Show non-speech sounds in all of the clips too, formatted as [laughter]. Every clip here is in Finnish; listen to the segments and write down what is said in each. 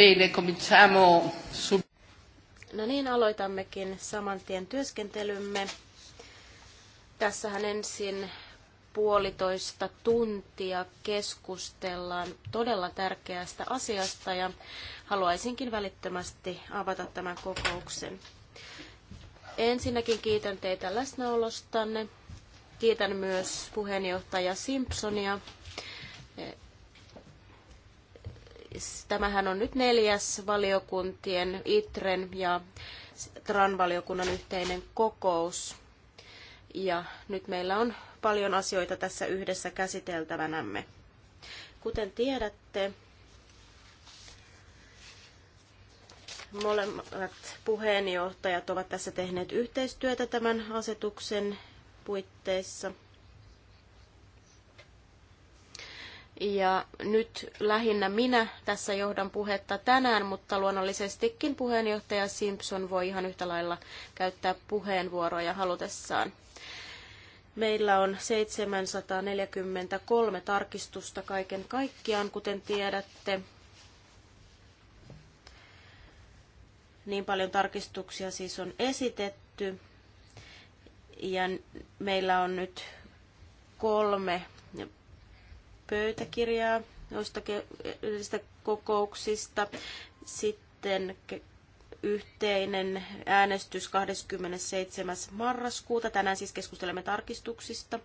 Bene, cominciamo sul... No niin, aloitammekin saman tien työskentelymme. Tässähän ensin puolitoista tuntia keskustellaan todella tärkeästä asiasta ja haluaisinkin välittömästi avata tämän kokouksen. Ensinnäkin kiitän teitä läsnäolostanne. Kiitän myös puheenjohtaja Simpsonia Tämähän on nyt neljäs valiokuntien ITREN ja TRAN-valiokunnan yhteinen kokous. Ja nyt meillä on paljon asioita tässä yhdessä käsiteltävänämme. Kuten tiedätte, molemmat puheenjohtajat ovat tässä tehneet yhteistyötä tämän asetuksen puitteissa – Ja nyt lähinnä minä tässä johdan puhetta tänään, mutta luonnollisestikin puheenjohtaja Simpson voi ihan yhtä lailla käyttää puheenvuoroja halutessaan. Meillä on 743 tarkistusta kaiken kaikkiaan, kuten tiedätte. Niin paljon tarkistuksia siis on esitetty. Ja meillä on nyt kolme pöytäkirjaa noista edellisistä kokouksista. Sitten yhteinen äänestys 27. marraskuuta. Tänään siis keskustelemme tarkistuksista.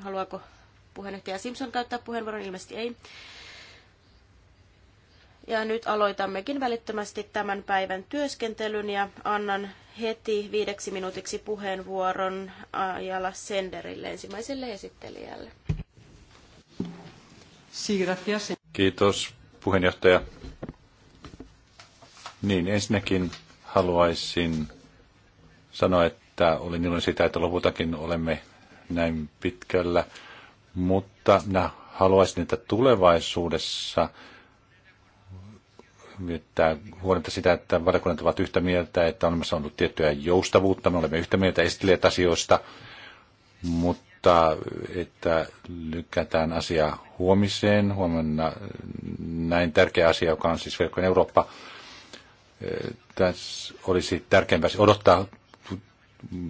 Haluaako puheenjohtaja Simpson käyttää puheenvuoron? Ilmeisesti ei. Ja nyt aloitammekin välittömästi tämän päivän työskentelyn ja annan heti viideksi minuutiksi puheenvuoron Ajala Senderille, ensimmäiselle esittelijälle. Kiitos puheenjohtaja. Niin, ensinnäkin haluaisin sanoa, että olin iloinen sitä, että lopultakin olemme näin pitkällä, mutta minä haluaisin, että tulevaisuudessa – että huolimatta sitä, että valiokunnat ovat yhtä mieltä, että on olemassa ollut tiettyä joustavuutta, me olemme yhtä mieltä esitelleet asioista, mutta että lykätään asia huomiseen, huomenna näin tärkeä asia, joka on siis verkkojen Eurooppa, eh, tässä olisi tärkeämpää siis odottaa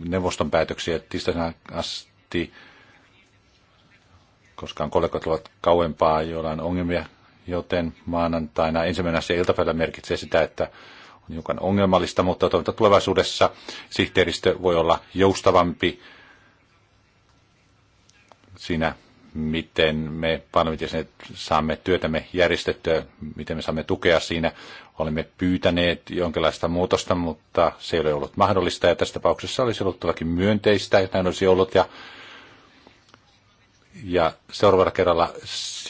neuvoston päätöksiä tiistaina asti, koska kollegat ovat kauempaa, joilla on ongelmia joten maanantaina ensimmäinen asia iltapäivällä merkitsee sitä, että on hiukan ongelmallista, mutta toivottavasti tulevaisuudessa sihteeristö voi olla joustavampi siinä, miten me parlamentin saamme työtämme järjestettyä, miten me saamme tukea siinä. Olemme pyytäneet jonkinlaista muutosta, mutta se ei ole ollut mahdollista ja tässä tapauksessa olisi ollut todellakin myönteistä, että näin olisi ollut ja, ja seuraavalla kerralla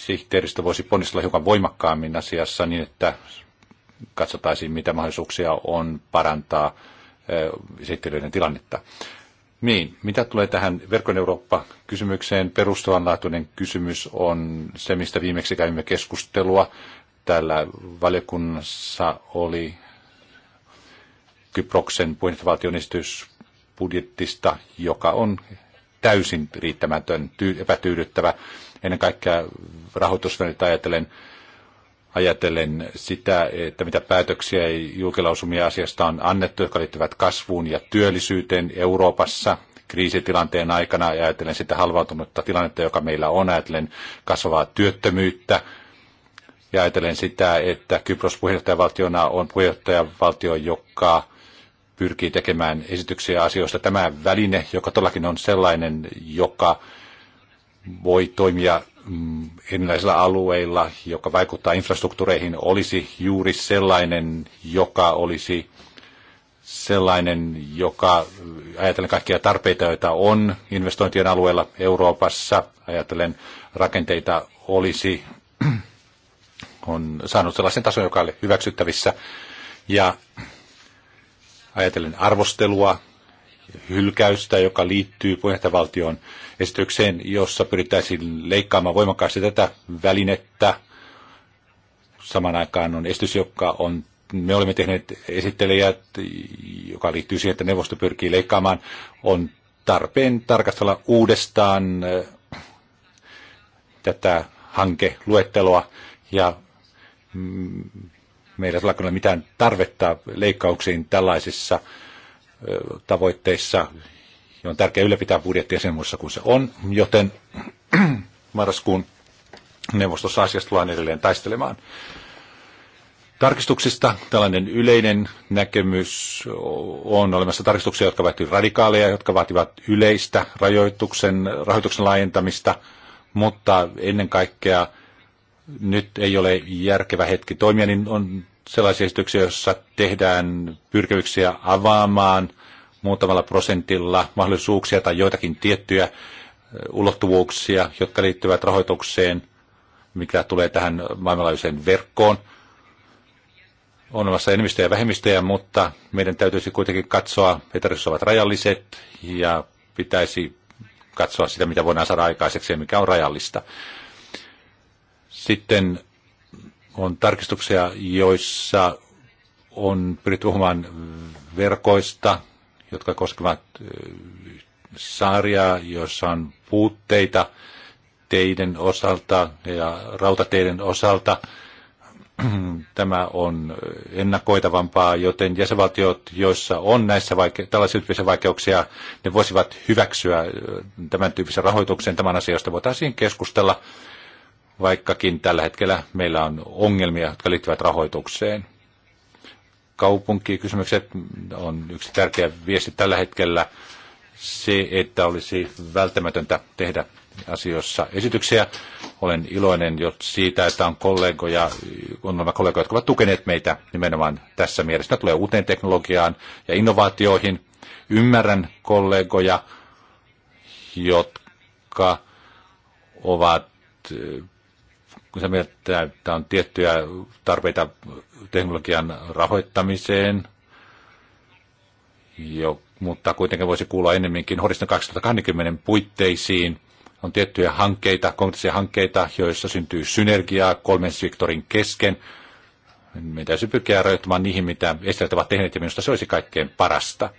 sihteeristö voisi ponnistella hiukan voimakkaammin asiassa niin, että katsotaisiin, mitä mahdollisuuksia on parantaa sihteeriöiden tilannetta. Niin, mitä tulee tähän Verkon Eurooppa-kysymykseen, perustavanlaatuinen kysymys on se, mistä viimeksi kävimme keskustelua. Täällä valiokunnassa oli Kyproksen puheenjohtajavaltion esitys budjettista, joka on täysin riittämätön, epätyydyttävä ennen kaikkea rahoitusvälineitä ajatellen, ajatellen sitä, että mitä päätöksiä ja julkilausumia asiasta on annettu, jotka liittyvät kasvuun ja työllisyyteen Euroopassa kriisitilanteen aikana ja ajatellen sitä halvautunutta tilannetta, joka meillä on, ajatellen kasvavaa työttömyyttä, ja ajatellen sitä, että Kypros puheenjohtajavaltiona on puheenjohtajavaltio, joka pyrkii tekemään esityksiä asioista. Tämä väline, joka todellakin on sellainen, joka voi toimia mm, erilaisilla alueilla, joka vaikuttaa infrastruktuureihin, olisi juuri sellainen, joka olisi sellainen, joka äh, ajatellen kaikkia tarpeita, joita on investointien alueella Euroopassa, ajatellen rakenteita olisi, [clears throat] on saanut sellaisen tason, joka oli hyväksyttävissä. Ja ajatellen arvostelua, hylkäystä, joka liittyy puheenjohtajavaltioon, esitykseen, jossa pyrittäisiin leikkaamaan voimakkaasti tätä välinettä. Saman aikaan on esitys, joka on me olemme tehneet esittelijät, joka liittyy siihen, että neuvosto pyrkii leikkaamaan, on tarpeen tarkastella uudestaan äh, tätä hankeluetteloa ja mm, meillä ei ole mitään tarvetta leikkauksiin tällaisissa äh, tavoitteissa, ja on tärkeää ylläpitää budjettia sen muissa kuin se on, joten [clears throat] marraskuun neuvostossa asiasta tullaan edelleen taistelemaan. Tarkistuksista tällainen yleinen näkemys on olemassa tarkistuksia, jotka ovat radikaaleja, jotka vaativat yleistä rajoituksen, rahoituksen laajentamista, mutta ennen kaikkea nyt ei ole järkevä hetki toimia, niin on sellaisia esityksiä, joissa tehdään pyrkimyksiä avaamaan – muutamalla prosentilla mahdollisuuksia tai joitakin tiettyjä ulottuvuuksia, jotka liittyvät rahoitukseen, mikä tulee tähän maailmanlaajuiseen verkkoon. On olemassa enemmistöjä ja vähemmistöjä, mutta meidän täytyisi kuitenkin katsoa, että resurssit ovat rajalliset ja pitäisi katsoa sitä, mitä voidaan saada aikaiseksi ja mikä on rajallista. Sitten on tarkistuksia, joissa on pyritty puhumaan verkoista, jotka koskevat saaria, joissa on puutteita teiden osalta ja rautateiden osalta. [clears throat] Tämä on ennakoitavampaa, joten jäsenvaltiot, joissa on näissä vaike- tällaisia tyyppisiä vaikeuksia, ne voisivat hyväksyä tämän tyyppisen rahoituksen. Tämän asiasta voitaisiin keskustella, vaikkakin tällä hetkellä meillä on ongelmia, jotka liittyvät rahoitukseen kaupunkikysymykset on yksi tärkeä viesti tällä hetkellä. Se, että olisi välttämätöntä tehdä asioissa esityksiä. Olen iloinen jo siitä, että on kollegoja, on nämä kollegoja, jotka ovat tukeneet meitä nimenomaan tässä mielessä. Ne tulee uuteen teknologiaan ja innovaatioihin. Ymmärrän kollegoja, jotka ovat eh, kun sä mietit, että on tiettyjä tarpeita teknologian rahoittamiseen, jo, mutta kuitenkin voisi kuulla enemmänkin horisontin 2020 puitteisiin. On tiettyjä hankkeita, konkreettisia hankkeita, joissa syntyy synergiaa kolmen sektorin kesken. Meidän täytyy pyrkiä rajoittamaan niihin, mitä estävät ovat tehneet, ja minusta se olisi kaikkein parasta.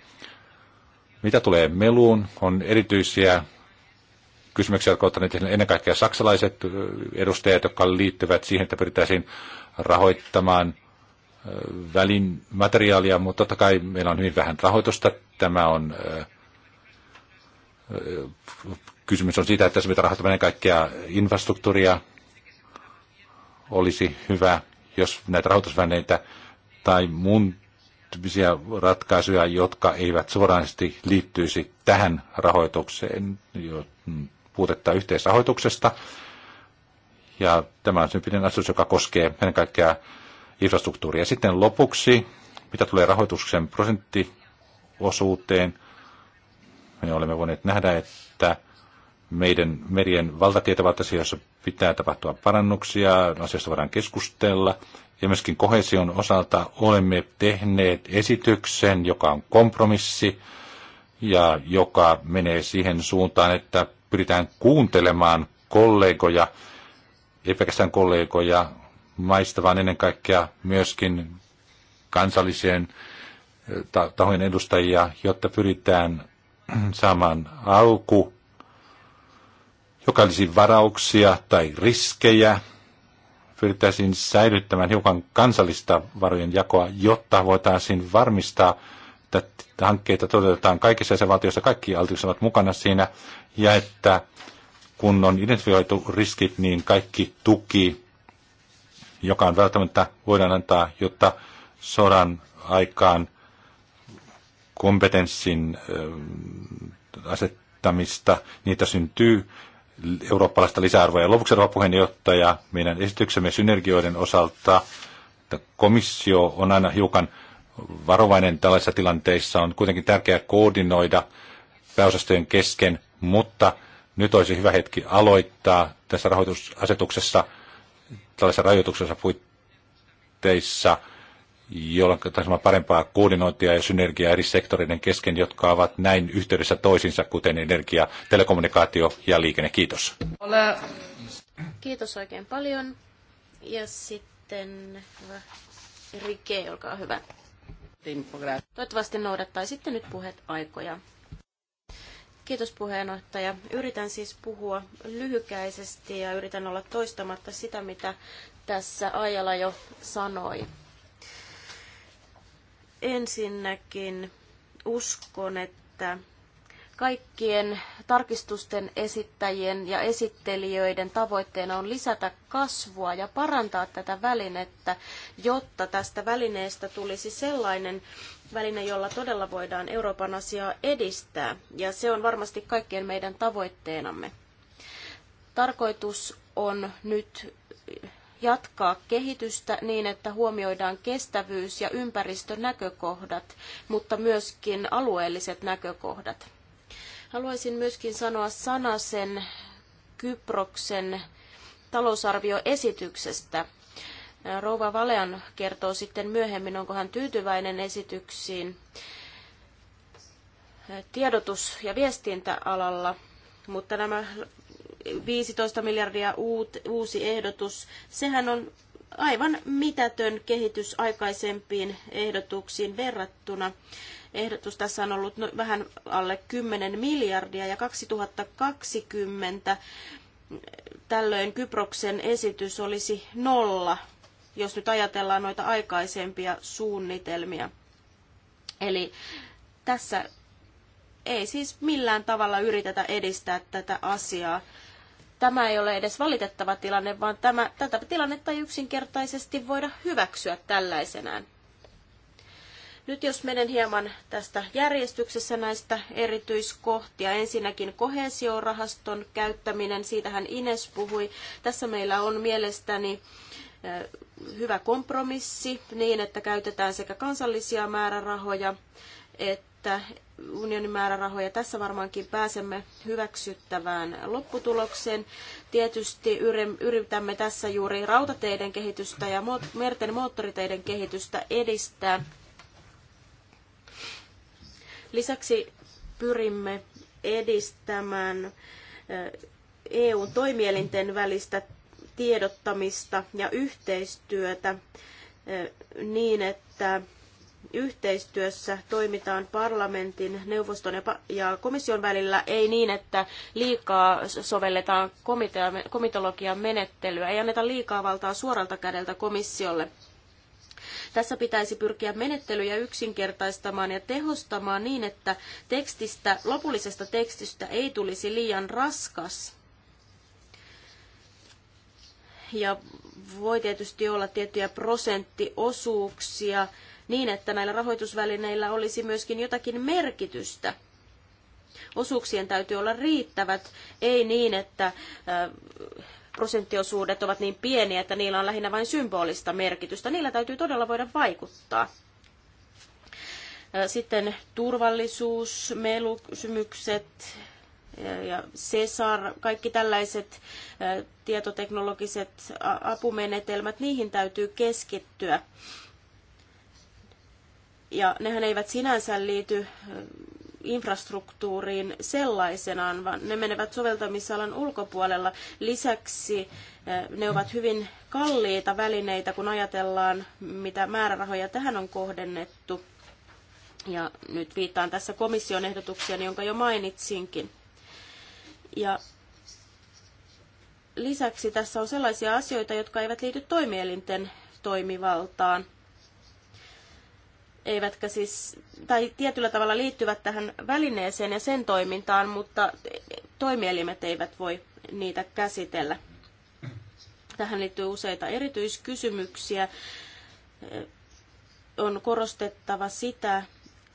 Mitä tulee meluun, on erityisiä kysymyksiä, jotka ovat ennen kaikkea saksalaiset edustajat, jotka liittyvät siihen, että pyrittäisiin rahoittamaan välin materiaalia, mutta totta kai meillä on hyvin vähän rahoitusta. Tämä on kysymys on siitä, että jos me rahoitamme kaikkea infrastruktuuria, olisi hyvä, jos näitä rahoitusvälineitä tai muun tyyppisiä ratkaisuja, jotka eivät suoranaisesti liittyisi tähän rahoitukseen, mm, puutetta yhteisrahoituksesta. Ja tämä on tyyppinen asia, joka koskee ennen kaikkea infrastruktuuri ja Sitten lopuksi, mitä tulee rahoituksen prosenttiosuuteen, me olemme voineet nähdä, että meidän merien valtatietävät asioissa pitää tapahtua parannuksia, asioista voidaan keskustella. Ja myöskin kohesion osalta olemme tehneet esityksen, joka on kompromissi ja joka menee siihen suuntaan, että pyritään kuuntelemaan kollegoja, ei pelkästään kollegoja, maista, vaan ennen kaikkea myöskin kansalliseen tahojen edustajia, jotta pyritään [clears throat] saamaan alku, joka olisi varauksia tai riskejä, pyrittäisiin säilyttämään hiukan kansallista varojen jakoa, jotta voitaisiin varmistaa, että hankkeita toteutetaan kaikissa jäsenvaltioissa, kaikki altius ovat mukana siinä, ja että kun on identifioitu riskit, niin kaikki tuki joka on välttämättä voidaan antaa, jotta sodan aikaan kompetenssin ähm, asettamista, niitä syntyy eurooppalaista lisäarvoa. Ja lopuksi rouva puheenjohtaja, meidän esityksemme synergioiden osalta, että komissio on aina hiukan varovainen tällaisissa tilanteissa, on kuitenkin tärkeää koordinoida pääosastojen kesken, mutta nyt olisi hyvä hetki aloittaa tässä rahoitusasetuksessa – tällaisen rajoituksensa puitteissa, jolloin on parempaa koordinointia ja synergiaa eri sektoreiden kesken, jotka ovat näin yhteydessä toisinsa kuten energia, telekommunikaatio ja liikenne. Kiitos. Kiitos oikein paljon. Ja sitten Rike, olkaa hyvä. Toivottavasti noudattaisitte nyt puheet aikoja. Kiitos puheenjohtaja. Yritän siis puhua lyhykäisesti ja yritän olla toistamatta sitä, mitä tässä Ajala jo sanoi. Ensinnäkin uskon, että kaikkien tarkistusten esittäjien ja esittelijöiden tavoitteena on lisätä kasvua ja parantaa tätä välinettä, jotta tästä välineestä tulisi sellainen väline, jolla todella voidaan Euroopan asiaa edistää, ja se on varmasti kaikkien meidän tavoitteenamme. Tarkoitus on nyt jatkaa kehitystä niin, että huomioidaan kestävyys- ja ympäristönäkökohdat, mutta myöskin alueelliset näkökohdat. Haluaisin myöskin sanoa sanasen Kyproksen talousarvioesityksestä. Rouva Valean kertoo sitten myöhemmin, onko hän tyytyväinen esityksiin tiedotus- ja viestintäalalla, mutta nämä 15 miljardia uusi ehdotus, sehän on aivan mitätön kehitys aikaisempiin ehdotuksiin verrattuna. Ehdotus tässä on ollut no, vähän alle 10 miljardia ja 2020 tällöin Kyproksen esitys olisi nolla jos nyt ajatellaan noita aikaisempia suunnitelmia. Eli tässä ei siis millään tavalla yritetä edistää tätä asiaa. Tämä ei ole edes valitettava tilanne, vaan tämä, tätä tilannetta ei yksinkertaisesti voida hyväksyä tällaisenään. Nyt jos menen hieman tästä järjestyksessä näistä erityiskohtia, ensinnäkin kohesiorahaston käyttäminen, siitähän Ines puhui. Tässä meillä on mielestäni hyvä kompromissi niin, että käytetään sekä kansallisia määrärahoja että unionin määrärahoja. Tässä varmaankin pääsemme hyväksyttävään lopputulokseen. Tietysti yritämme tässä juuri rautateiden kehitystä ja merten moottoriteiden kehitystä edistää. Lisäksi pyrimme edistämään eu toimielinten välistä tiedottamista ja yhteistyötä niin, että yhteistyössä toimitaan parlamentin, neuvoston ja, komission välillä, ei niin, että liikaa sovelletaan komitea, komitologian menettelyä, ei anneta liikaa valtaa suoralta kädeltä komissiolle. Tässä pitäisi pyrkiä menettelyjä yksinkertaistamaan ja tehostamaan niin, että tekstistä, lopullisesta tekstistä ei tulisi liian raskas ja voi tietysti olla tiettyjä prosenttiosuuksia niin, että näillä rahoitusvälineillä olisi myöskin jotakin merkitystä. Osuuksien täytyy olla riittävät, ei niin, että prosenttiosuudet ovat niin pieniä, että niillä on lähinnä vain symbolista merkitystä. Niillä täytyy todella voida vaikuttaa. Sitten turvallisuus, melukysymykset, ja CESAR, kaikki tällaiset tietoteknologiset apumenetelmät, niihin täytyy keskittyä. Ja nehän eivät sinänsä liity infrastruktuuriin sellaisenaan, vaan ne menevät soveltamisalan ulkopuolella. Lisäksi ne ovat hyvin kalliita välineitä, kun ajatellaan, mitä määrärahoja tähän on kohdennettu. Ja nyt viittaan tässä komission ehdotukseen, jonka jo mainitsinkin. Ja lisäksi tässä on sellaisia asioita, jotka eivät liity toimielinten toimivaltaan, eivätkä siis, tai tietyllä tavalla liittyvät tähän välineeseen ja sen toimintaan, mutta toimielimet eivät voi niitä käsitellä. Tähän liittyy useita erityiskysymyksiä. On korostettava sitä,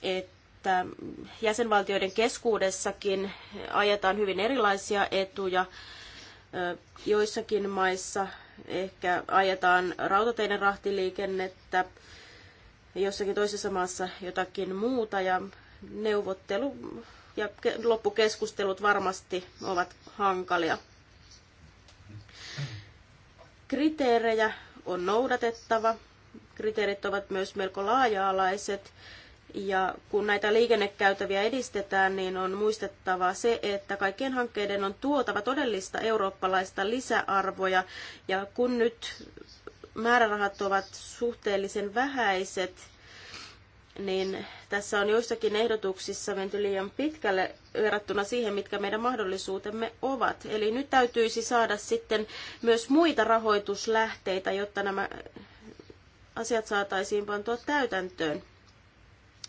että että jäsenvaltioiden keskuudessakin ajetaan hyvin erilaisia etuja. Joissakin maissa ehkä ajetaan rautateiden rahtiliikennettä, jossakin toisessa maassa jotakin muuta ja neuvottelu ja loppukeskustelut varmasti ovat hankalia. Kriteerejä on noudatettava. Kriteerit ovat myös melko laaja-alaiset ja kun näitä liikennekäytäviä edistetään, niin on muistettava se, että kaikkien hankkeiden on tuotava todellista eurooppalaista lisäarvoja. Ja kun nyt määrärahat ovat suhteellisen vähäiset, niin tässä on joissakin ehdotuksissa menty liian pitkälle verrattuna siihen, mitkä meidän mahdollisuutemme ovat. Eli nyt täytyisi saada sitten myös muita rahoituslähteitä, jotta nämä asiat saataisiin pantua täytäntöön.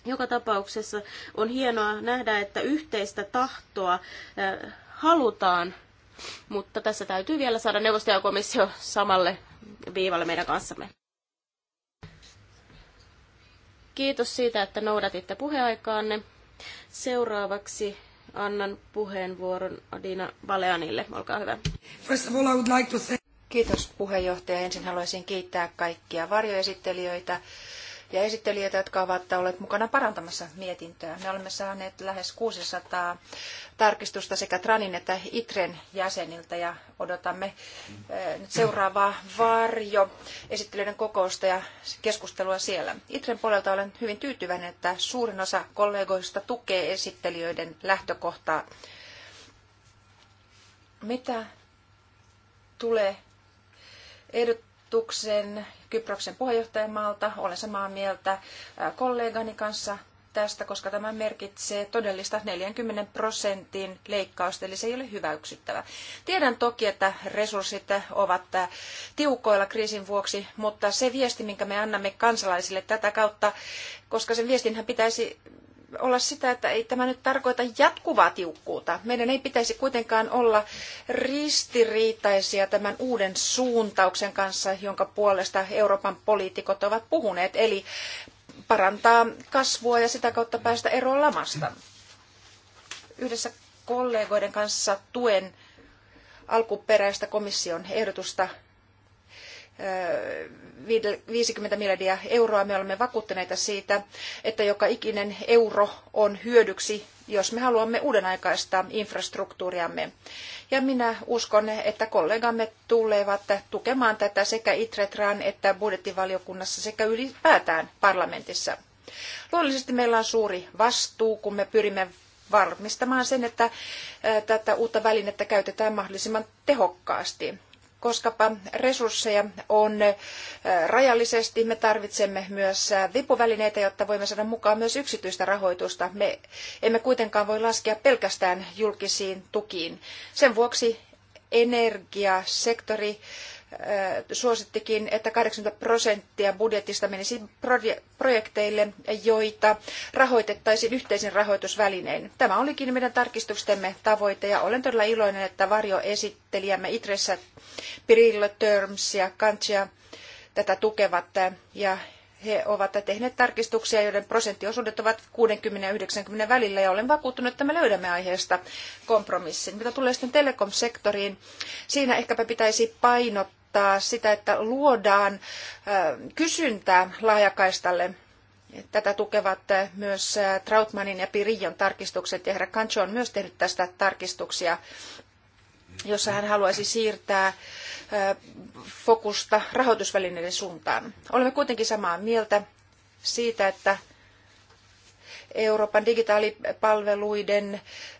Joka tapauksessa on hienoa nähdä, että yhteistä tahtoa halutaan, mutta tässä täytyy vielä saada neuvosto ja komissio samalle viivalle meidän kanssamme. Kiitos siitä, että noudatitte puheaikaanne. Seuraavaksi annan puheenvuoron Adina Baleanille. Olkaa hyvä. First of all, I would like to say... Kiitos puheenjohtaja. Ensin haluaisin kiittää kaikkia varjoesittelijöitä ja esittelijöitä, jotka ovat olleet mukana parantamassa mietintöä. Me olemme saaneet lähes 600 tarkistusta sekä Tranin että Itren jäseniltä ja odotamme eh, nyt seuraavaa varjo esittelijöiden kokousta ja keskustelua siellä. Itren puolelta olen hyvin tyytyväinen, että suurin osa kollegoista tukee esittelijöiden lähtökohtaa. Mitä tulee ehdot, ehdotuksen Kyproksen puheenjohtajamaalta. Olen samaa mieltä äh, kollegani kanssa tästä, koska tämä merkitsee todellista 40 prosentin leikkausta, eli se ei ole hyväksyttävä. Tiedän toki, että resurssit ovat äh, tiukoilla kriisin vuoksi, mutta se viesti, minkä me annamme kansalaisille tätä kautta, koska sen viestinhän pitäisi olla sitä, että ei tämä nyt tarkoita jatkuvaa tiukkuutta. Meidän ei pitäisi kuitenkaan olla ristiriitaisia tämän uuden suuntauksen kanssa, jonka puolesta Euroopan poliitikot ovat puhuneet, eli parantaa kasvua ja sitä kautta päästä eroon lamasta. Yhdessä kollegoiden kanssa tuen alkuperäistä komission ehdotusta 50 miljardia euroa. Me olemme vakuuttuneita siitä, että joka ikinen euro on hyödyksi, jos me haluamme uudenaikaista infrastruktuuriamme. Ja minä uskon, että kollegamme tulevat tukemaan tätä sekä Itretran että budjettivaliokunnassa sekä ylipäätään parlamentissa. Luonnollisesti meillä on suuri vastuu, kun me pyrimme varmistamaan sen, että tätä uutta välinettä käytetään mahdollisimman tehokkaasti Koskapa resursseja on rajallisesti, me tarvitsemme myös vipuvälineitä, jotta voimme saada mukaan myös yksityistä rahoitusta. Me emme kuitenkaan voi laskea pelkästään julkisiin tukiin. Sen vuoksi energiasektori suosittikin, että 80 prosenttia budjetista menisi projekteille, joita rahoitettaisiin yhteisin rahoitusvälinein. Tämä olikin meidän tarkistustemme tavoite ja olen todella iloinen, että varjoesittelijämme Itressä Pirillo Terms ja Kantsia tätä tukevat ja he ovat tehneet tarkistuksia, joiden prosenttiosuudet ovat 60 ja 90 välillä, ja olen vakuuttunut, että me löydämme aiheesta kompromissin. Mitä tulee sitten telekom-sektoriin, siinä ehkäpä pitäisi painottaa tarkoittaa sitä, että luodaan kysyntää laajakaistalle. Tätä tukevat myös Trautmanin ja Pirion tarkistukset, ja herra Kancho on myös tehnyt tästä tarkistuksia, jossa hän haluaisi siirtää fokusta rahoitusvälineiden suuntaan. Olemme kuitenkin samaa mieltä siitä, että Euroopan digitaalipalveluiden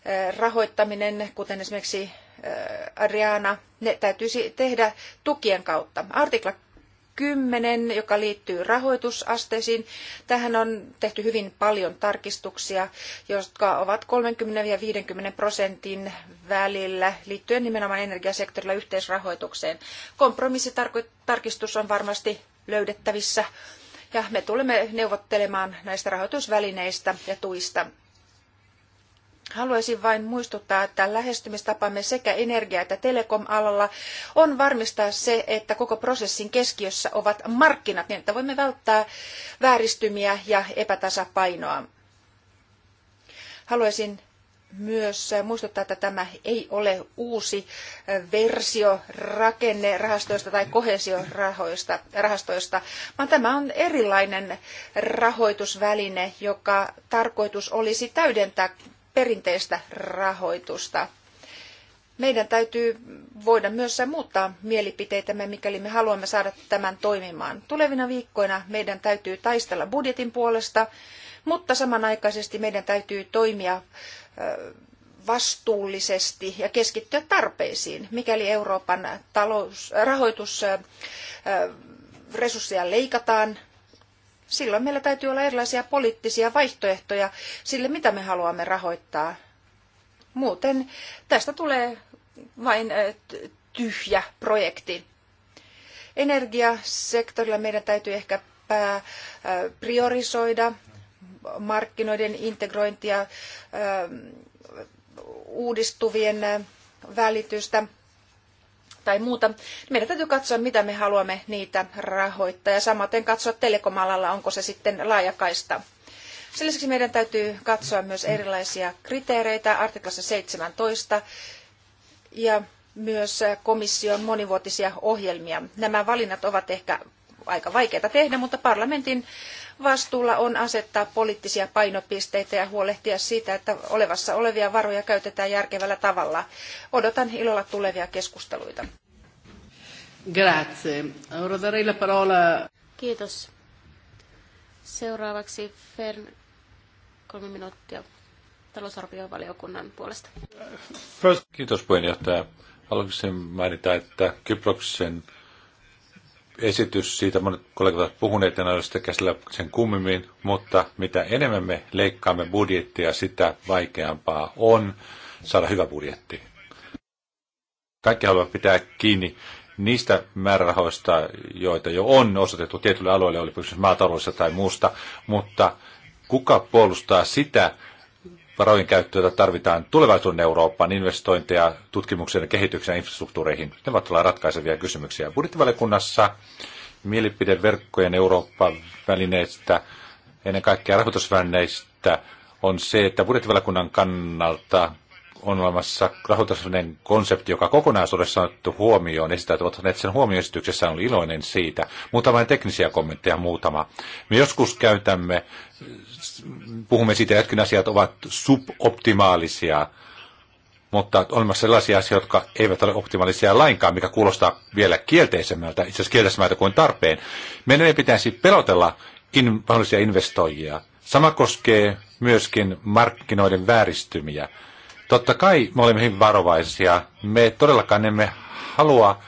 eh, rahoittaminen, kuten esimerkiksi eh, Adriana, ne täytyisi tehdä tukien kautta. Artikla 10, joka liittyy rahoitusasteisiin. Tähän on tehty hyvin paljon tarkistuksia, jotka ovat 30 ja 50 prosentin välillä liittyen nimenomaan energiasektorilla yhteisrahoitukseen. Kompromissitarkistus on varmasti löydettävissä ja me tulemme neuvottelemaan näistä rahoitusvälineistä ja tuista. Haluaisin vain muistuttaa, että lähestymistapamme sekä energia- että telekom-alalla on varmistaa se, että koko prosessin keskiössä ovat markkinat, niin että voimme välttää vääristymiä ja epätasapainoa. Haluaisin myös muistuttaa, että tämä ei ole uusi versio rakennerahastoista tai kohesiorahastoista, vaan tämä on erilainen rahoitusväline, joka tarkoitus olisi täydentää perinteistä rahoitusta. Meidän täytyy voida myös muuttaa mielipiteitämme, mikäli me haluamme saada tämän toimimaan. Tulevina viikkoina meidän täytyy taistella budjetin puolesta, mutta samanaikaisesti meidän täytyy toimia vastuullisesti ja keskittyä tarpeisiin. Mikäli Euroopan talous, rahoitusresursseja leikataan, silloin meillä täytyy olla erilaisia poliittisia vaihtoehtoja sille, mitä me haluamme rahoittaa. Muuten tästä tulee vain tyhjä projekti. Energiasektorilla meidän täytyy ehkä priorisoida markkinoiden integrointia, uudistuvien välitystä tai muuta. Meidän täytyy katsoa, mitä me haluamme niitä rahoittaa ja samaten katsoa telekomalalla, onko se sitten laajakaista. Sen lisäksi meidän täytyy katsoa myös erilaisia kriteereitä artiklassa 17 ja myös komission monivuotisia ohjelmia. Nämä valinnat ovat ehkä aika vaikeita tehdä, mutta parlamentin vastuulla on asettaa poliittisia painopisteitä ja huolehtia siitä, että olevassa olevia varoja käytetään järkevällä tavalla. Odotan ilolla tulevia keskusteluita. Grazie. Ora darei la parola. Kiitos. Seuraavaksi Fern, kolme minuuttia talousarviovaliokunnan puolesta. Kiitos puheenjohtaja. Haluaisin mainita, että Kyproksen esitys, siitä monet kollegat ovat puhuneet, ja näistä sitä käsillä sen kummemmin, mutta mitä enemmän me leikkaamme budjettia, sitä vaikeampaa on saada hyvä budjetti. Kaikki haluavat pitää kiinni niistä määrärahoista, joita jo on osoitettu tietylle alueelle, oli maataloudessa tai muusta, mutta kuka puolustaa sitä, varojen käyttöä tarvitaan tulevaisuuden Eurooppaan, investointeja tutkimukseen, kehitykseen, infrastruktuureihin. Ne ovat olla ratkaisevia kysymyksiä. Budjettivaliokunnassa mielipideverkkojen Euroopan välineistä ennen kaikkea rahoitusvälineistä, on se, että budjettivaliokunnan kannalta on olemassa rahoitusvälineen konsepti, joka kokonaisuudessa on otettu huomioon. Esittäjät ovat ottaneet sen huomioesityksessä, on iloinen siitä. Muutama teknisiä kommentteja muutama. Me joskus käytämme puhumme siitä, että jotkin asiat ovat suboptimaalisia, mutta on myös sellaisia asioita, jotka eivät ole optimaalisia lainkaan, mikä kuulostaa vielä kielteisemmältä, itse asiassa kielteisemmältä kuin tarpeen. Meidän ei pitäisi pelotella in, mahdollisia investoijia. Sama koskee myöskin markkinoiden vääristymiä. Totta kai me olemme hyvin varovaisia. Me todellakaan emme halua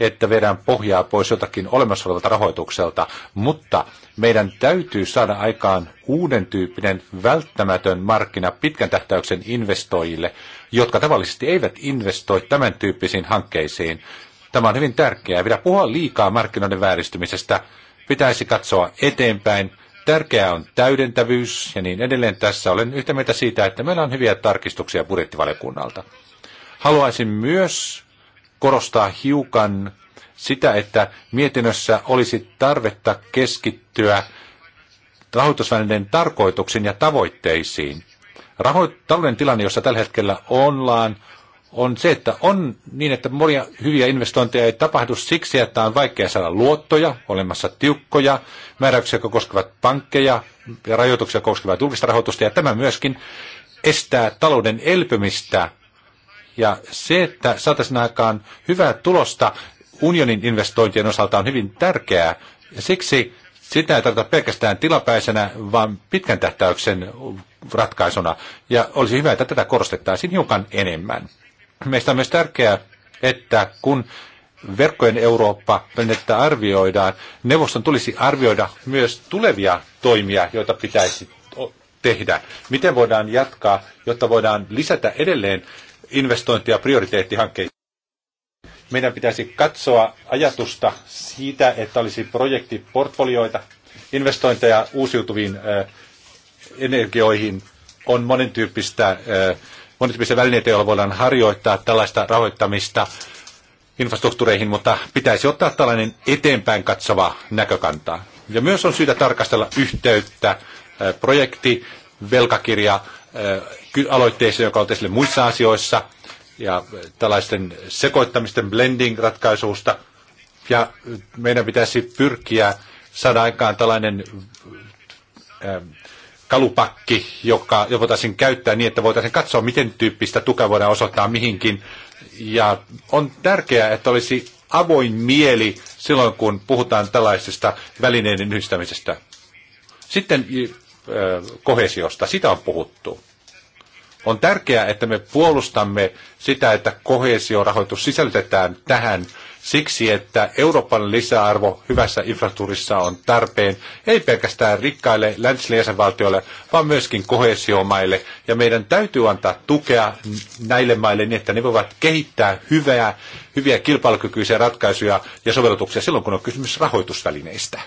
että vedään pohjaa pois jotakin olemassa olevalta rahoitukselta, mutta meidän täytyy saada aikaan uuden tyyppinen välttämätön markkina pitkän tähtäyksen investoijille, jotka tavallisesti eivät investoi tämän tyyppisiin hankkeisiin. Tämä on hyvin tärkeää. Pitää puhua liikaa markkinoiden vääristymisestä. Pitäisi katsoa eteenpäin. Tärkeää on täydentävyys ja niin edelleen. Tässä olen yhtä mieltä siitä, että meillä on hyviä tarkistuksia budjettivaliokunnalta. Haluaisin myös korostaa hiukan sitä, että mietinnössä olisi tarvetta keskittyä rahoitusvälineiden tarkoituksiin ja tavoitteisiin. Rahoit- talouden tilanne, jossa tällä hetkellä ollaan, on se, että on niin, että monia hyviä investointeja ei tapahdu siksi, että on vaikea saada luottoja, olemassa tiukkoja, määräyksiä, jotka koskevat pankkeja ja rajoituksia koskevat julkista rahoitusta, ja tämä myöskin estää talouden elpymistä ja se, että saataisiin aikaan hyvää tulosta unionin investointien osalta on hyvin tärkeää. Ja siksi sitä ei tarvita pelkästään tilapäisenä, vaan pitkän tähtäyksen ratkaisuna. Ja olisi hyvä, että tätä korostettaisiin hiukan enemmän. Meistä on myös tärkeää, että kun verkkojen Eurooppa-välinettä niin arvioidaan, neuvoston tulisi arvioida myös tulevia toimia, joita pitäisi tehdä. Miten voidaan jatkaa, jotta voidaan lisätä edelleen investointia prioriteettihankkeisiin. Meidän pitäisi katsoa ajatusta siitä, että olisi projektiportfolioita, investointeja uusiutuviin energioihin, on monentyyppistä, monentyyppisiä välineitä, joilla voidaan harjoittaa tällaista rahoittamista infrastruktuureihin, mutta pitäisi ottaa tällainen eteenpäin katsova näkökanta. Ja myös on syytä tarkastella yhteyttä projekti, velkakirja, aloitteeseen, joka on esille muissa asioissa, ja tällaisten sekoittamisten blending-ratkaisuista. Ja meidän pitäisi pyrkiä saada aikaan tällainen ähm, kalupakki, joka, jo voitaisiin käyttää niin, että voitaisiin katsoa, miten tyyppistä tukea voidaan osoittaa mihinkin. Ja on tärkeää, että olisi avoin mieli silloin, kun puhutaan tällaisesta välineiden yhdistämisestä. Sitten äh, kohesiosta, sitä on puhuttu. On tärkeää, että me puolustamme sitä, että kohesiorahoitus sisällytetään tähän siksi, että Euroopan lisäarvo hyvässä infrastruktuurissa on tarpeen, ei pelkästään rikkaille läntisille jäsenvaltioille, vaan myöskin kohesiomaille. Ja meidän täytyy antaa tukea näille maille niin, että ne voivat kehittää hyvää, hyviä kilpailukykyisiä ratkaisuja ja sovellutuksia silloin, kun on kysymys rahoitusvälineistä.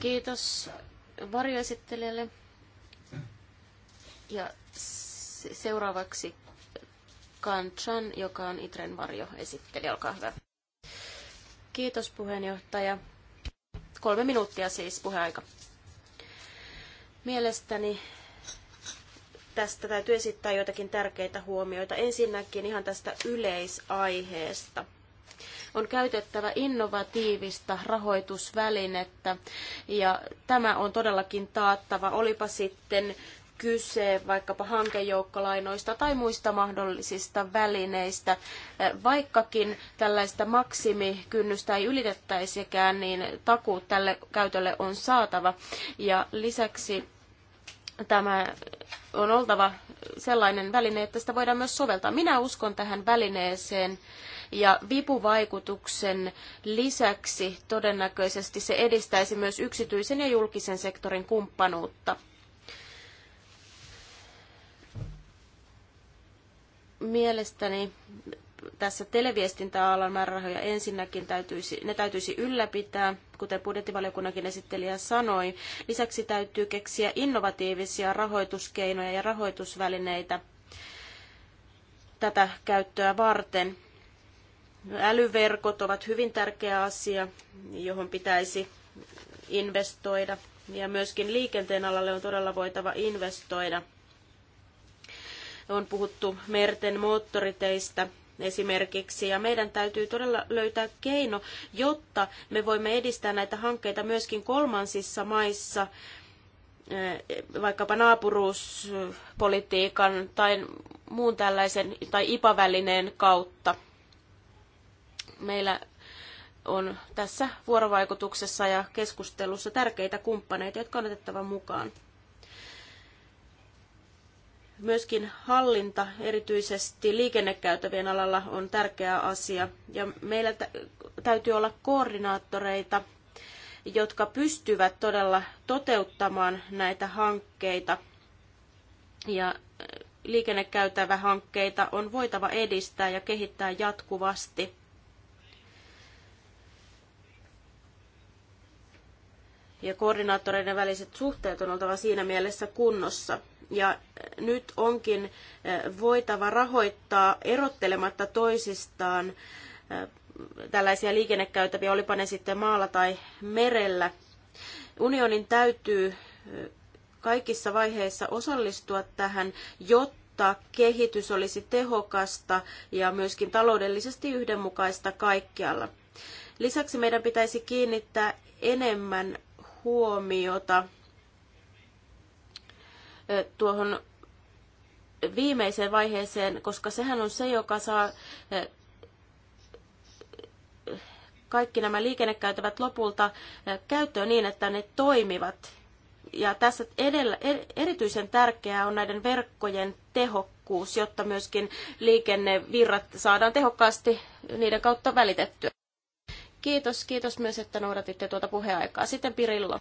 Kiitos varjoesittelijälle. Ja seuraavaksi Kanchan, joka on Itren varjo esitteli. Olkaa hyvä. Kiitos puheenjohtaja. Kolme minuuttia siis puheaika. Mielestäni tästä täytyy esittää joitakin tärkeitä huomioita. Ensinnäkin ihan tästä yleisaiheesta. On käytettävä innovatiivista rahoitusvälinettä ja tämä on todellakin taattava, olipa sitten kyse vaikkapa hankejoukkolainoista tai muista mahdollisista välineistä. Vaikkakin tällaista maksimikynnystä ei ylitettäisikään, niin takuut tälle käytölle on saatava. Ja lisäksi tämä on oltava sellainen väline, että sitä voidaan myös soveltaa. Minä uskon tähän välineeseen ja vipuvaikutuksen lisäksi todennäköisesti se edistäisi myös yksityisen ja julkisen sektorin kumppanuutta. Mielestäni tässä televiestintäalan määrärahoja ensinnäkin täytyisi, ne täytyisi ylläpitää, kuten budjettivaliokunnankin esittelijä sanoi. Lisäksi täytyy keksiä innovatiivisia rahoituskeinoja ja rahoitusvälineitä tätä käyttöä varten. Älyverkot ovat hyvin tärkeä asia, johon pitäisi investoida. Ja myöskin liikenteen alalle on todella voitava investoida – on puhuttu merten moottoriteistä esimerkiksi, ja meidän täytyy todella löytää keino, jotta me voimme edistää näitä hankkeita myöskin kolmansissa maissa, eh, vaikkapa naapuruuspolitiikan tai muun tällaisen tai IPA-välineen kautta. Meillä on tässä vuorovaikutuksessa ja keskustelussa tärkeitä kumppaneita, jotka on otettava mukaan. Myöskin hallinta, erityisesti liikennekäytävien alalla, on tärkeä asia. Ja meillä täytyy olla koordinaattoreita, jotka pystyvät todella toteuttamaan näitä hankkeita. Ja äh, liikennekäytävähankkeita on voitava edistää ja kehittää jatkuvasti. Ja koordinaattoreiden väliset suhteet on oltava siinä mielessä kunnossa. Ja äh, nyt onkin äh, voitava rahoittaa erottelematta toisistaan äh, tällaisia liikennekäytäviä, olipa ne sitten maalla tai merellä. Unionin täytyy kaikissa vaiheissa osallistua tähän, jotta kehitys olisi tehokasta ja myöskin taloudellisesti yhdenmukaista kaikkialla. Lisäksi meidän pitäisi kiinnittää enemmän huomiota tuohon viimeiseen vaiheeseen, koska sehän on se, joka saa kaikki nämä liikennekäytävät lopulta käyttöön niin, että ne toimivat. Ja tässä edellä, er, erityisen tärkeää on näiden verkkojen tehokkuus, jotta myöskin liikennevirrat saadaan tehokkaasti niiden kautta välitettyä. Kiitos, kiitos myös, että noudatitte tuota puheaikaa. Sitten Pirillo.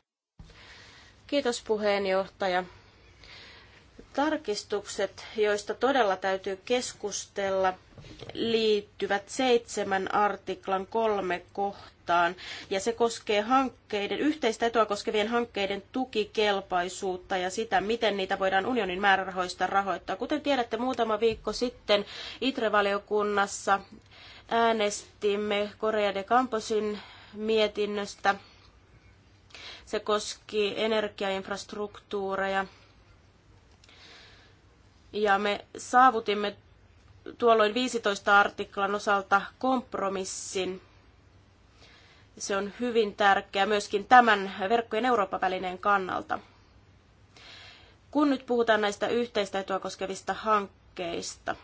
Kiitos puheenjohtaja. Tarkistukset, joista todella täytyy keskustella, liittyvät seitsemän artiklan kolme kohtaan, ja se koskee hankkeiden, yhteistä etua koskevien hankkeiden tukikelpaisuutta ja sitä, miten niitä voidaan unionin määrärahoista rahoittaa. Kuten tiedätte, muutama viikko sitten ITRE-valiokunnassa äänestimme Korea de Camposin mietinnöstä. Se koski energiainfrastruktuureja ja me saavutimme tuolloin 15 artiklan osalta kompromissin. Se on hyvin tärkeä myöskin tämän verkkojen Eurooppa-välineen kannalta. Kun nyt puhutaan näistä etua koskevista hankkeista,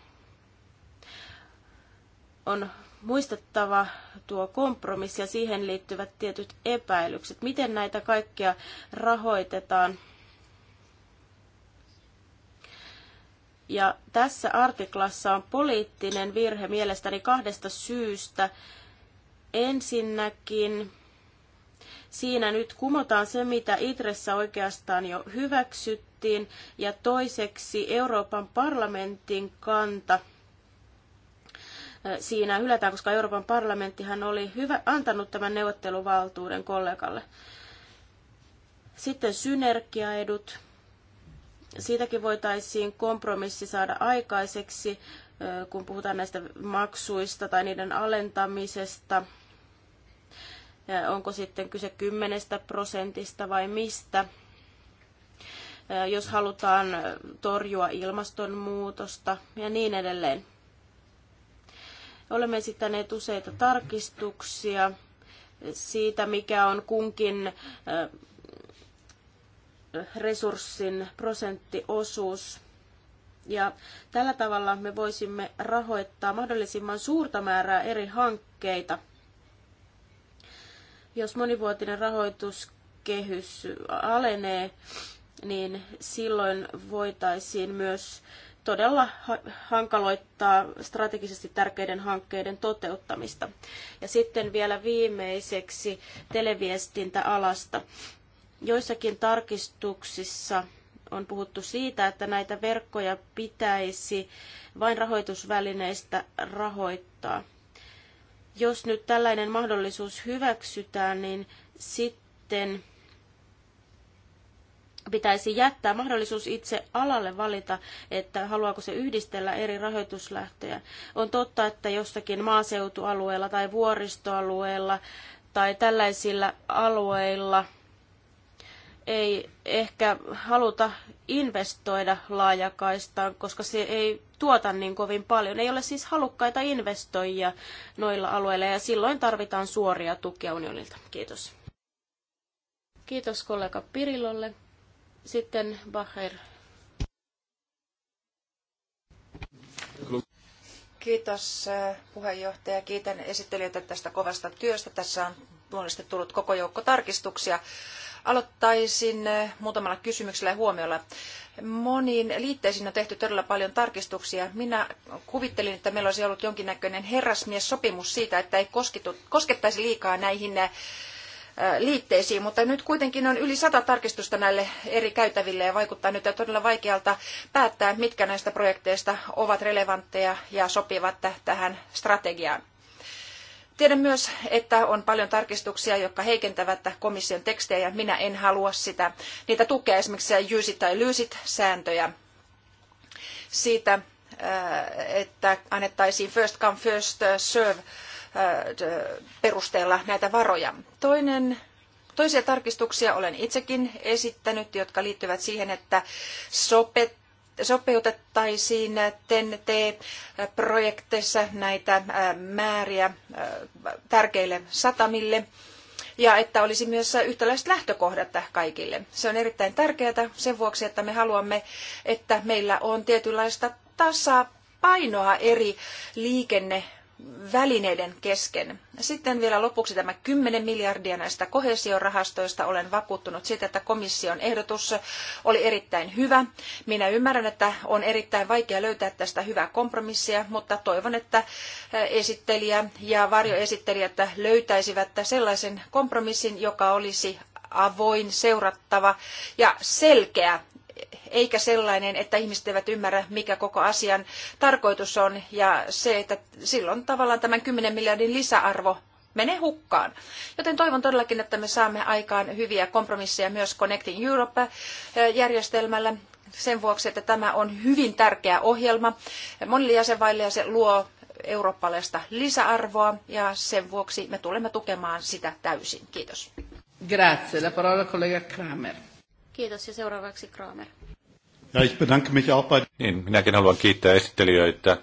on muistettava tuo kompromissi ja siihen liittyvät tietyt epäilykset. Miten näitä kaikkia rahoitetaan? Ja tässä artiklassa on poliittinen virhe mielestäni kahdesta syystä. Ensinnäkin siinä nyt kumotaan se, mitä Itressä oikeastaan jo hyväksyttiin, ja toiseksi Euroopan parlamentin kanta äh, siinä hylätään, koska Euroopan parlamenttihan oli hyvä, antanut tämän neuvotteluvaltuuden kollegalle. Sitten synergiaedut. Siitäkin voitaisiin kompromissi saada aikaiseksi, kun puhutaan näistä maksuista tai niiden alentamisesta. Onko sitten kyse 10 prosentista vai mistä? Jos halutaan torjua ilmastonmuutosta ja niin edelleen. Olemme esittäneet useita tarkistuksia siitä, mikä on kunkin resurssin prosenttiosuus. Ja tällä tavalla me voisimme rahoittaa mahdollisimman suurta määrää eri hankkeita. Jos monivuotinen rahoituskehys alenee, niin silloin voitaisiin myös todella hankaloittaa strategisesti tärkeiden hankkeiden toteuttamista. Ja sitten vielä viimeiseksi televiestintäalasta. Joissakin tarkistuksissa on puhuttu siitä, että näitä verkkoja pitäisi vain rahoitusvälineistä rahoittaa. Jos nyt tällainen mahdollisuus hyväksytään, niin sitten pitäisi jättää mahdollisuus itse alalle valita, että haluaako se yhdistellä eri rahoituslähtöjä. On totta, että jossakin maaseutualueella tai vuoristoalueella tai tällaisilla alueilla – ei ehkä haluta investoida laajakaistaan, koska se ei tuota niin kovin paljon. Ei ole siis halukkaita investoijia noilla alueilla ja silloin tarvitaan suoria tukia unionilta. Kiitos. Kiitos kollega Pirilolle. Sitten Bacher. Kiitos eh, puheenjohtaja. Kiitän esittelijöitä tästä kovasta työstä. Tässä on luonnollisesti tullut koko joukko tarkistuksia Aloittaisin eh, muutamalla kysymyksellä ja huomiolla. Moniin liitteisiin on tehty todella paljon tarkistuksia. Minä kuvittelin, että meillä olisi ollut jonkinnäköinen herrasmies-sopimus siitä, että ei koskettaisi liikaa näihin eh, liitteisiin, mutta nyt kuitenkin on yli sata tarkistusta näille eri käytäville ja vaikuttaa nyt todella vaikealta päättää, mitkä näistä projekteista ovat relevantteja ja sopivat tähän strategiaan. Tiedän myös, että on paljon tarkistuksia, jotka heikentävät komission tekstejä ja minä en halua sitä. Niitä tukea esimerkiksi jyysit tai lyysit sääntöjä siitä, äh, että annettaisiin first come first serve äh, perusteella näitä varoja. Toinen Toisia tarkistuksia olen itsekin esittänyt, jotka liittyvät siihen, että sopet sopeutettaisiin TEN-T-projekteissa näitä määriä tärkeille satamille ja että olisi myös yhtäläiset lähtökohdat kaikille. Se on erittäin tärkeää sen vuoksi, että me haluamme, että meillä on tietynlaista tasapainoa eri liikenne välineiden kesken. Sitten vielä lopuksi tämä 10 miljardia näistä kohesiorahastoista. Olen vakuuttunut siitä, että komission ehdotus oli erittäin hyvä. Minä ymmärrän, että on erittäin vaikea löytää tästä hyvää kompromissia, mutta toivon, että eh, esittelijä ja varjoesittelijät löytäisivät sellaisen kompromissin, joka olisi avoin, seurattava ja selkeä eikä sellainen, että ihmiset eivät ymmärrä, mikä koko asian tarkoitus on ja se, että silloin tavallaan tämän 10 miljardin lisäarvo menee hukkaan. Joten toivon todellakin, että me saamme aikaan hyviä kompromisseja myös Connecting Europe-järjestelmällä eh, sen vuoksi, että tämä on hyvin tärkeä ohjelma monille jäsenvaille ja se luo eurooppalaista lisäarvoa ja sen vuoksi me tulemme tukemaan sitä täysin. Kiitos. Grazie. La parola collega Kramer. Kiitos ja seuraavaksi Kramer. Ja ich bedanke mich auch bei... Niin, minäkin haluan kiittää esittelijöitä.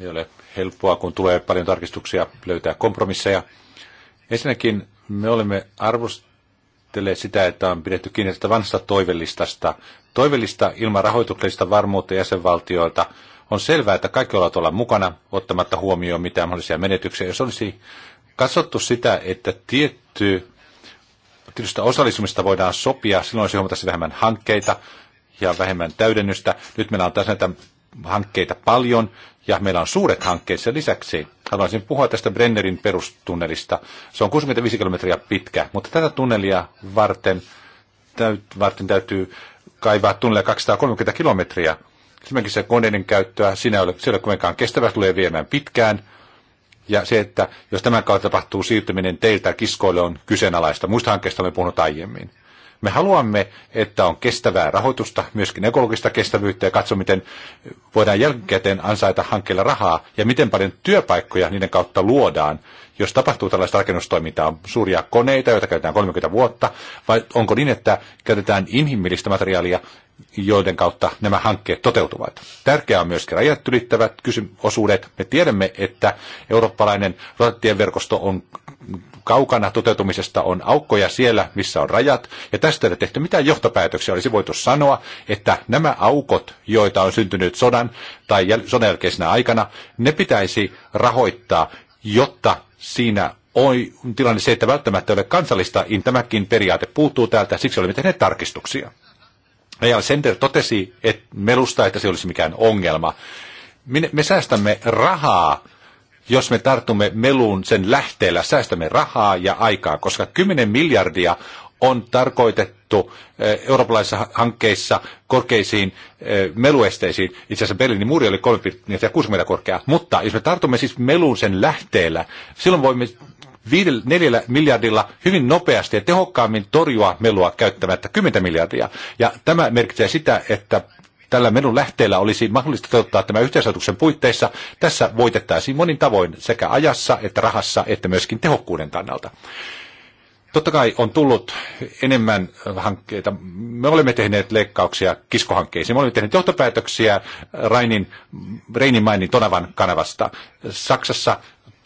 Ei ole helppoa, kun tulee paljon tarkistuksia löytää kompromisseja. Ensinnäkin me olemme arvostelleet sitä, että on pidetty kiinni tästä vanhasta toivellistasta. Toivellista ilman rahoituksellista varmuutta jäsenvaltioilta on selvää, että kaikki ovat olla mukana ottamatta huomioon mitään mahdollisia menetyksiä. Jos olisi katsottu sitä, että tietty tietystä osallistumista voidaan sopia, silloin se huomattavasti vähemmän hankkeita ja vähemmän täydennystä. Nyt meillä on taas näitä hankkeita paljon ja meillä on suuret hankkeet sen lisäksi. Haluaisin puhua tästä Brennerin perustunnelista. Se on 65 kilometriä pitkä, mutta tätä tunnelia varten, täyt, varten täytyy kaivaa tunnelia 230 kilometriä. Esimerkiksi se koneiden käyttöä, siinä ei ole, ei ole kuitenkaan kestävä, tulee viemään pitkään – ja se, että jos tämän kautta tapahtuu siirtyminen teiltä kiskoille, on kyseenalaista. Muista hankkeista me puhunut aiemmin. Me haluamme, että on kestävää rahoitusta, myöskin ekologista kestävyyttä ja katso, miten voidaan jälkikäteen ansaita hankkeella rahaa ja miten paljon työpaikkoja niiden kautta luodaan. Jos tapahtuu tällaista rakennustoimintaa, on suuria koneita, joita käytetään 30 vuotta, vai onko niin, että käytetään inhimillistä materiaalia joiden kautta nämä hankkeet toteutuvat. Tärkeää on myöskin rajat ylittävät osuudet. Me tiedämme, että eurooppalainen rautatieverkosto on kaukana toteutumisesta, on aukkoja siellä, missä on rajat, ja tästä ei ole tehty mitään johtopäätöksiä. Olisi voitu sanoa, että nämä aukot, joita on syntynyt sodan tai sodan jälkeisenä aikana, ne pitäisi rahoittaa, jotta siinä Oi, tilanne se, että välttämättä ole kansallista, niin tämäkin periaate puuttuu täältä, siksi olemme tehneet tarkistuksia. Ja Sender totesi että melusta, että se olisi mikään ongelma. Me, me säästämme rahaa, jos me tartumme meluun sen lähteellä, säästämme rahaa ja aikaa, koska 10 miljardia on tarkoitettu eh, eurooppalaisissa hankkeissa korkeisiin eh, meluesteisiin. Itse asiassa Berliinin muuri oli 3,60 korkea. Mutta jos me tartumme siis meluun sen lähteellä, silloin voimme neljällä miljardilla hyvin nopeasti ja tehokkaammin torjua melua käyttämättä 10 miljardia. Ja tämä merkitsee sitä, että tällä menun lähteellä olisi mahdollista toteuttaa tämä yhteisötuksen puitteissa. Tässä voitettaisiin monin tavoin sekä ajassa että rahassa että myöskin tehokkuuden kannalta. Totta kai on tullut enemmän äh, hankkeita. Me olemme tehneet leikkauksia kiskohankkeisiin. Me olemme tehneet johtopäätöksiä Rainin, Reinin mainin Tonavan kanavasta. Saksassa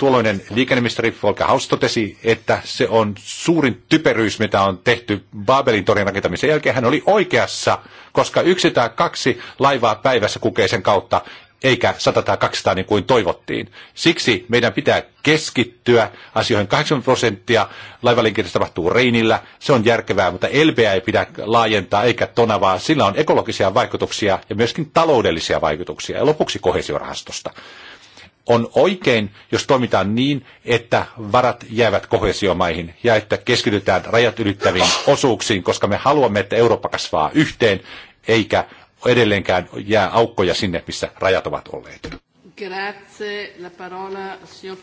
tuolloinen liikenneministeri Volker Haus totesi, että se on suurin typeryys, mitä on tehty Babelin torin rakentamisen jälkeen. Hän oli oikeassa, koska yksi tai kaksi laivaa päivässä kukee sen kautta, eikä 100 tai 200 niin kuin toivottiin. Siksi meidän pitää keskittyä asioihin. 80 prosenttia laivaliikenteestä tapahtuu Reinillä. Se on järkevää, mutta Elbeä ei pidä laajentaa eikä Tonavaa. Sillä on ekologisia vaikutuksia ja myöskin taloudellisia vaikutuksia. Ja lopuksi kohesiorahastosta on oikein, jos toimitaan niin, että varat jäävät kohesiomaihin ja että keskitytään rajat ylittäviin osuuksiin, koska me haluamme, että Eurooppa kasvaa yhteen, eikä edelleenkään jää aukkoja sinne, missä rajat ovat olleet. Grazie, la parola, signor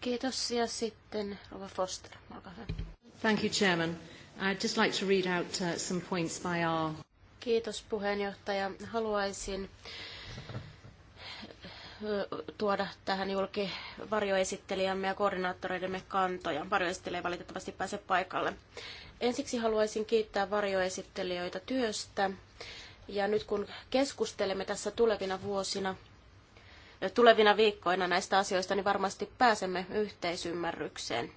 Kiitos, ja sitten Rova Foster, Thank you, Chairman. I'd just like to read out uh, some points by our... Kiitos, puheenjohtaja. Haluaisin tuoda tähän julki varjoesittelijämme ja koordinaattoreidemme kantoja. Varjoesittelijä ei valitettavasti pääse paikalle. Ensiksi haluaisin kiittää varjoesittelijöitä työstä. Ja nyt kun keskustelemme tässä tulevina vuosina, tulevina viikkoina näistä asioista, niin varmasti pääsemme yhteisymmärrykseen.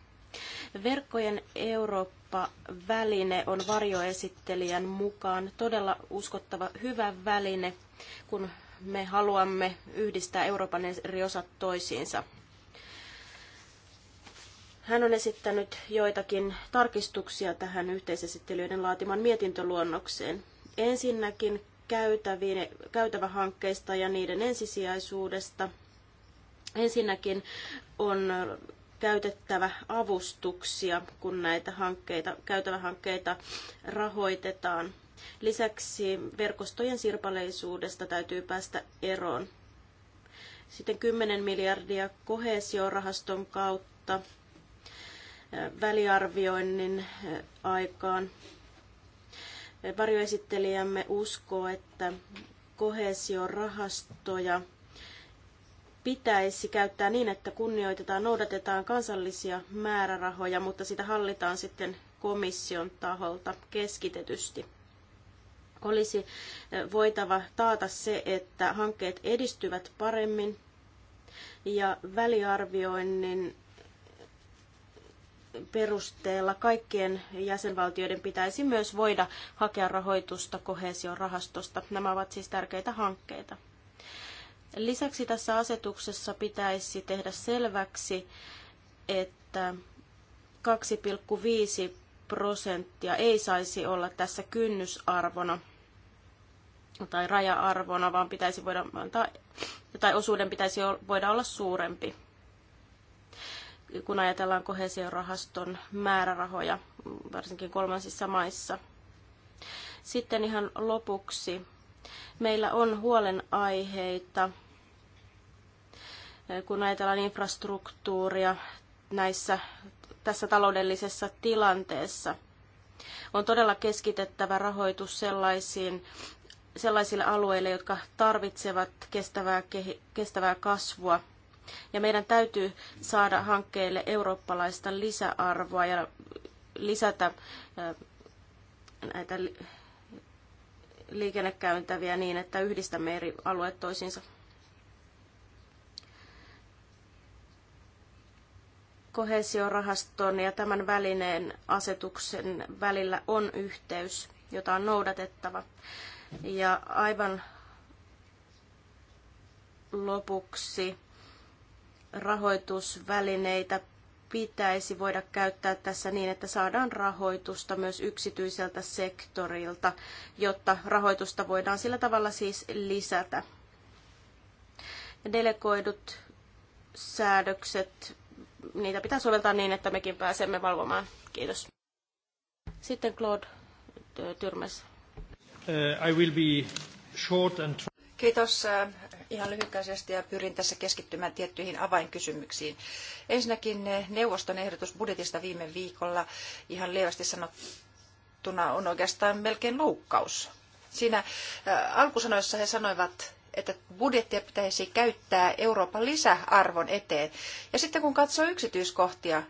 Verkkojen Eurooppa-väline on varjoesittelijän mukaan todella uskottava hyvä väline, kun me haluamme yhdistää Euroopan eri osat toisiinsa. Hän on esittänyt joitakin tarkistuksia tähän yhteisesittelyiden laatiman mietintöluonnokseen. Ensinnäkin käytäviin, käytävähankkeista ja niiden ensisijaisuudesta. Ensinnäkin on käytettävä avustuksia, kun näitä hankkeita, käytävähankkeita rahoitetaan. Lisäksi verkostojen sirpaleisuudesta täytyy päästä eroon. Sitten 10 miljardia kohesiorahaston kautta väliarvioinnin aikaan. Varjoesittelijämme uskoo, että kohesiorahastoja pitäisi käyttää niin, että kunnioitetaan, noudatetaan kansallisia määrärahoja, mutta sitä hallitaan sitten komission taholta keskitetysti. Olisi eh, voitava taata se, että hankkeet edistyvät paremmin ja väliarvioinnin perusteella kaikkien jäsenvaltioiden pitäisi myös voida hakea rahoitusta kohesiorahastosta. Nämä ovat siis tärkeitä hankkeita. Lisäksi tässä asetuksessa pitäisi tehdä selväksi, että 2,5 prosenttia ei saisi olla tässä kynnysarvona tai raja-arvona, vaan pitäisi voida antaa, tai osuuden pitäisi voida olla suurempi, kun ajatellaan kohesiorahaston määrärahoja, varsinkin kolmansissa maissa. Sitten ihan lopuksi. Meillä on huolenaiheita, kun ajatellaan infrastruktuuria näissä tässä taloudellisessa tilanteessa. On todella keskitettävä rahoitus sellaisiin, sellaisille alueille, jotka tarvitsevat kestävää, kestävää kasvua. Ja meidän täytyy saada hankkeille eurooppalaista lisäarvoa ja lisätä näitä liikennekäyntäviä niin, että yhdistämme eri alueet toisiinsa. koheesiorahaston ja tämän välineen asetuksen välillä on yhteys, jota on noudatettava. Ja aivan lopuksi rahoitusvälineitä pitäisi voida käyttää tässä niin, että saadaan rahoitusta myös yksityiseltä sektorilta, jotta rahoitusta voidaan sillä tavalla siis lisätä. Delegoidut säädökset niitä pitää soveltaa niin, että mekin pääsemme valvomaan. Kiitos. Sitten Claude Tyrmäs. Uh, I will be short and... Kiitos uh, ihan lyhykäisesti ja pyrin tässä keskittymään tiettyihin avainkysymyksiin. Ensinnäkin uh, neuvoston ehdotus budjetista viime viikolla ihan lievästi sanottuna on oikeastaan melkein loukkaus. Siinä alkusanoissa he sanoivat, että budjettia pitäisi käyttää Euroopan lisäarvon eteen. Ja sitten kun katsoo yksityiskohtia,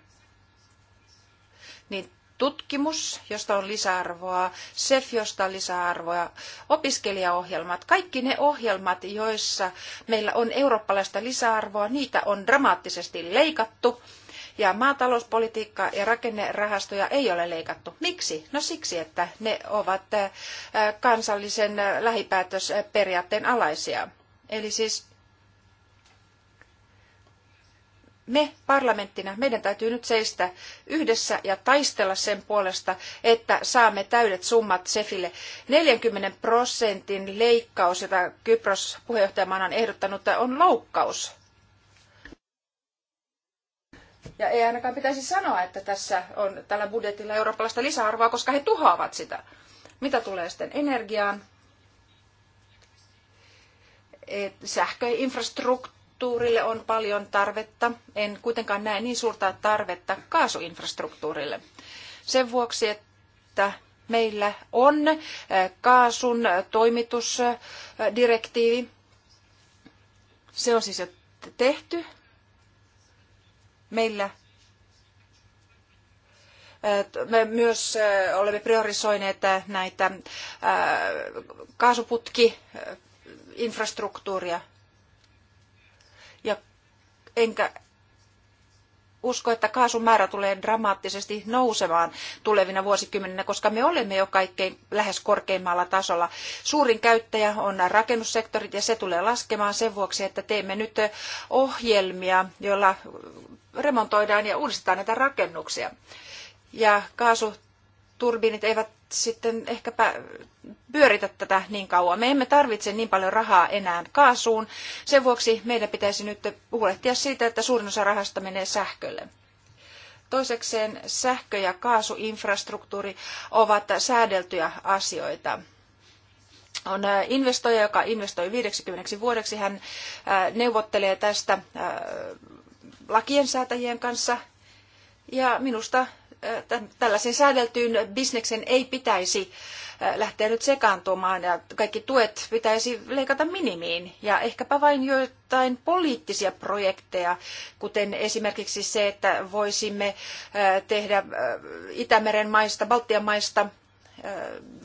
niin tutkimus, josta on lisäarvoa, SEF, josta on lisäarvoa, opiskelijaohjelmat, kaikki ne ohjelmat, joissa meillä on eurooppalaista lisäarvoa, niitä on dramaattisesti leikattu – ja maatalouspolitiikkaa ja rakennerahastoja ei ole leikattu. Miksi? No siksi, että ne ovat äh, kansallisen äh, lähipäätösperiaatteen alaisia. Eli siis me parlamenttina, meidän täytyy nyt seistä yhdessä ja taistella sen puolesta, että saamme täydet summat SEFille. 40 prosentin leikkaus, jota Kypros puheenjohtajamaana on ehdottanut, on loukkaus ja ei ainakaan pitäisi sanoa, että tässä on tällä budjetilla eurooppalaista lisäarvoa, koska he tuhoavat sitä. Mitä tulee sitten energiaan, sähköinfrastruktuurille on paljon tarvetta. En kuitenkaan näe niin suurta tarvetta kaasuinfrastruktuurille. Sen vuoksi, että meillä on eh, kaasun toimitusdirektiivi. Se on siis jo tehty Meillä me myös olemme priorisoineet näitä kaasuputki-infrastruktuuria. Ja enkä usko, että kaasun määrä tulee dramaattisesti nousemaan tulevina vuosikymmeninä, koska me olemme jo kaikkein lähes korkeimmalla tasolla. Suurin käyttäjä on rakennussektorit ja se tulee laskemaan sen vuoksi, että teemme nyt ohjelmia, joilla remontoidaan ja uudistetaan näitä rakennuksia. Ja kaasuturbiinit eivät sitten ehkä pyöritä tätä niin kauan. Me emme tarvitse niin paljon rahaa enää kaasuun. Sen vuoksi meidän pitäisi nyt huolehtia siitä, että suurin osa rahasta menee sähkölle. Toisekseen sähkö- ja kaasuinfrastruktuuri ovat säädeltyjä asioita. On investoija, joka investoi 50 vuodeksi. Hän neuvottelee tästä lakien säätäjien kanssa. Ja minusta tällaisen säädeltyyn bisneksen ei pitäisi lähteä nyt sekaantumaan ja kaikki tuet pitäisi leikata minimiin. Ja ehkäpä vain joitain poliittisia projekteja, kuten esimerkiksi se, että voisimme tehdä Itämeren maista, Baltian maista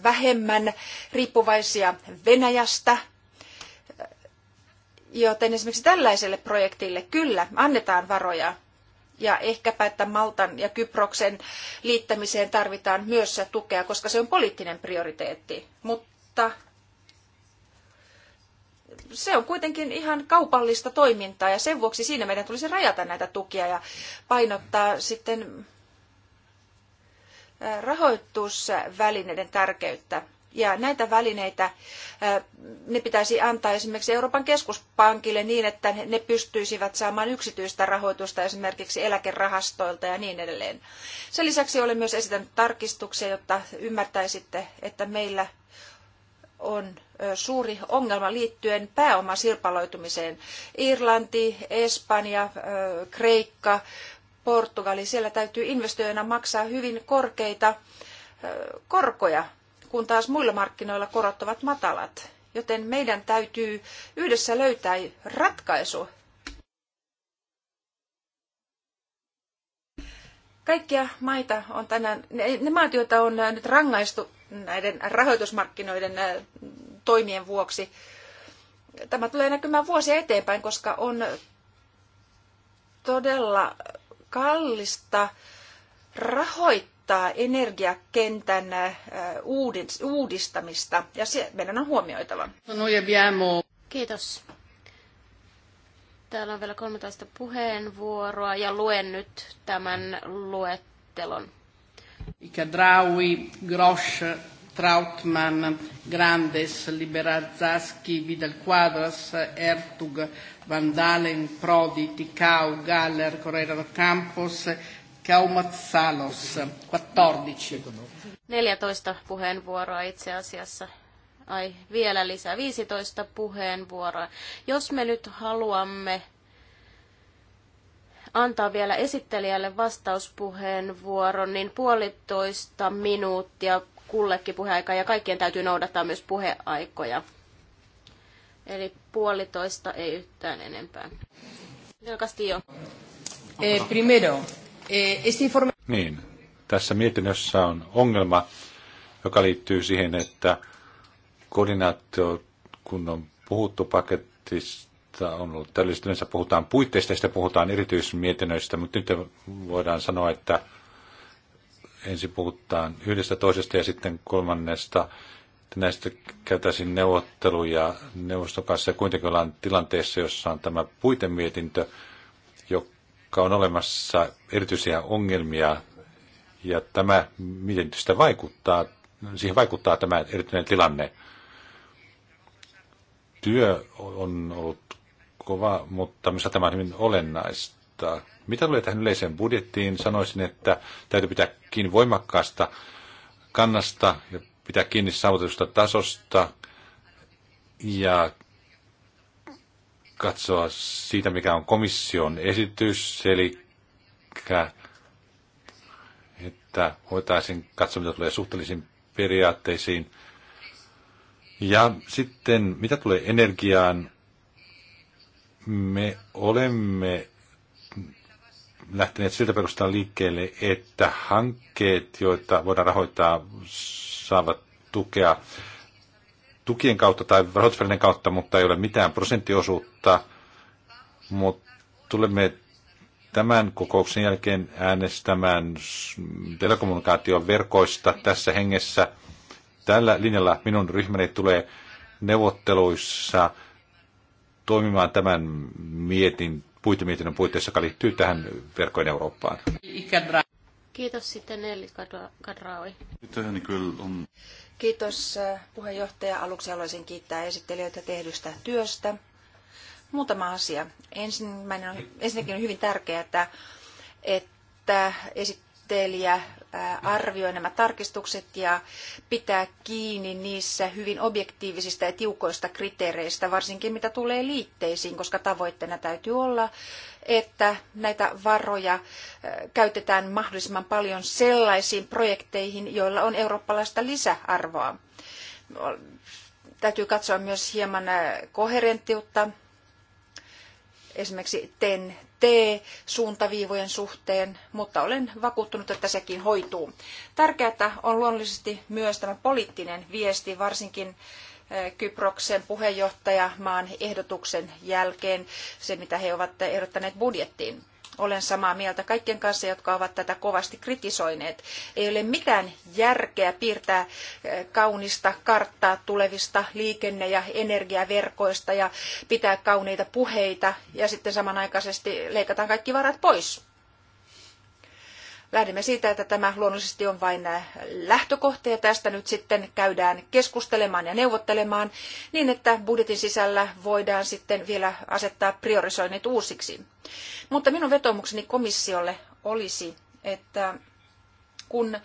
vähemmän riippuvaisia Venäjästä – Joten esimerkiksi tällaiselle projektille kyllä annetaan varoja. Ja ehkäpä, että Maltan ja Kyproksen liittämiseen tarvitaan myös tukea, koska se on poliittinen prioriteetti. Mutta se on kuitenkin ihan kaupallista toimintaa ja sen vuoksi siinä meidän tulisi rajata näitä tukia ja painottaa sitten rahoitusvälineiden tärkeyttä. Ja näitä välineitä ne pitäisi antaa esimerkiksi Euroopan keskuspankille niin, että ne pystyisivät saamaan yksityistä rahoitusta esimerkiksi eläkerahastoilta ja niin edelleen. Sen lisäksi olen myös esittänyt tarkistuksia, jotta ymmärtäisitte, että meillä on suuri ongelma liittyen pääomasirpaloitumiseen. Irlanti, Espanja, Kreikka, Portugali, siellä täytyy investoijana maksaa hyvin korkeita korkoja kun taas muilla markkinoilla korot ovat matalat. Joten meidän täytyy yhdessä löytää ratkaisu. Kaikkia maita on tänään, ne, ne maat, joita on nyt rangaistu näiden rahoitusmarkkinoiden äh, toimien vuoksi, tämä tulee näkymään vuosia eteenpäin, koska on todella kallista rahoittaa tarkoittaa energiakentän uudistamista ja se meidän on huomioitava. No, Kiitos. Täällä on vielä 13 puheenvuoroa ja luen nyt tämän luettelon. Ikadraui, Grosch, Trautmann, Grandes, Liberazzaski, Vidal Quadras, Ertug, Van Dalen, Prodi, Ticau, Galler, Correra Campos, Kaumatsalos, 14. 14 puheenvuoroa itse asiassa. Ai, vielä lisää. 15 puheenvuoroa. Jos me nyt haluamme antaa vielä esittelijälle vastauspuheenvuoron, niin puolitoista minuuttia kullekin puheaikaa ja kaikkien täytyy noudattaa myös puheaikoja. Eli puolitoista ei yhtään enempää. Del Castillo. Eh, primero, Eh, niin, tässä mietinnössä on ongelma, joka liittyy siihen, että koordinaatio, kun on puhuttu paketista, on ollut tällöin puhutaan puitteista ja puhutaan erityismietinnöistä, mutta nyt voidaan sanoa, että ensin puhutaan yhdestä toisesta ja sitten kolmannesta. Näistä käytäisiin neuvotteluja neuvoston kanssa ja kuitenkin ollaan tilanteessa, jossa on tämä puitemietintö, jotka on olemassa erityisiä ongelmia ja tämä, miten sitä vaikuttaa, siihen vaikuttaa tämä erityinen tilanne. Työ on ollut kova, mutta myös tämä on hyvin olennaista. Mitä tulee tähän yleiseen budjettiin, sanoisin, että täytyy pitää kiinni voimakkaasta kannasta ja pitää kiinni saavutetusta tasosta ja katsoa siitä, mikä on komission esitys, eli että voitaisiin katsoa, mitä tulee suhteellisiin periaatteisiin. Ja sitten, mitä tulee energiaan, me olemme lähteneet siltä perustaan liikkeelle, että hankkeet, joita voidaan rahoittaa, saavat tukea tukien kautta tai rahoitusvälineen kautta, mutta ei ole mitään prosenttiosuutta. Mutta tulemme tämän kokouksen jälkeen äänestämään telekommunikaation verkoista tässä hengessä. Tällä linjalla minun ryhmäni tulee neuvotteluissa toimimaan tämän mietin, puitemietinnön puitteissa, joka liittyy tähän verkkojen Eurooppaan. Kiitos sitten Nelli Kadraoi. Kiitos äh, puheenjohtaja. Aluksi haluaisin kiittää esittelijöitä tehdystä työstä. Muutama asia. Ensimmäinen on, ensinnäkin on hyvin tärkeää, että, että esittelijä arvioi nämä tarkistukset ja pitää kiinni niissä hyvin objektiivisista ja tiukoista kriteereistä, varsinkin mitä tulee liitteisiin, koska tavoitteena täytyy olla, että näitä varoja käytetään mahdollisimman paljon sellaisiin projekteihin, joilla on eurooppalaista lisäarvoa. Täytyy katsoa myös hieman koherenttiutta esimerkiksi TEN t suuntaviivojen suhteen, mutta olen vakuuttunut, että sekin hoituu. Tärkeää on luonnollisesti myös tämä poliittinen viesti, varsinkin eh, Kyproksen puheenjohtajamaan ehdotuksen jälkeen, se mitä he ovat ehdottaneet budjettiin olen samaa mieltä kaikkien kanssa, jotka ovat tätä kovasti kritisoineet. Ei ole mitään järkeä piirtää eh, kaunista karttaa tulevista liikenne- ja energiaverkoista ja pitää kauniita puheita ja sitten samanaikaisesti leikataan kaikki varat pois. Lähdemme siitä, että tämä luonnollisesti on vain äh, lähtökohta ja tästä nyt sitten käydään keskustelemaan ja neuvottelemaan niin, että budjetin sisällä voidaan sitten vielä asettaa priorisoinnit uusiksi. Mutta minun vetomukseni komissiolle olisi, että kun äh,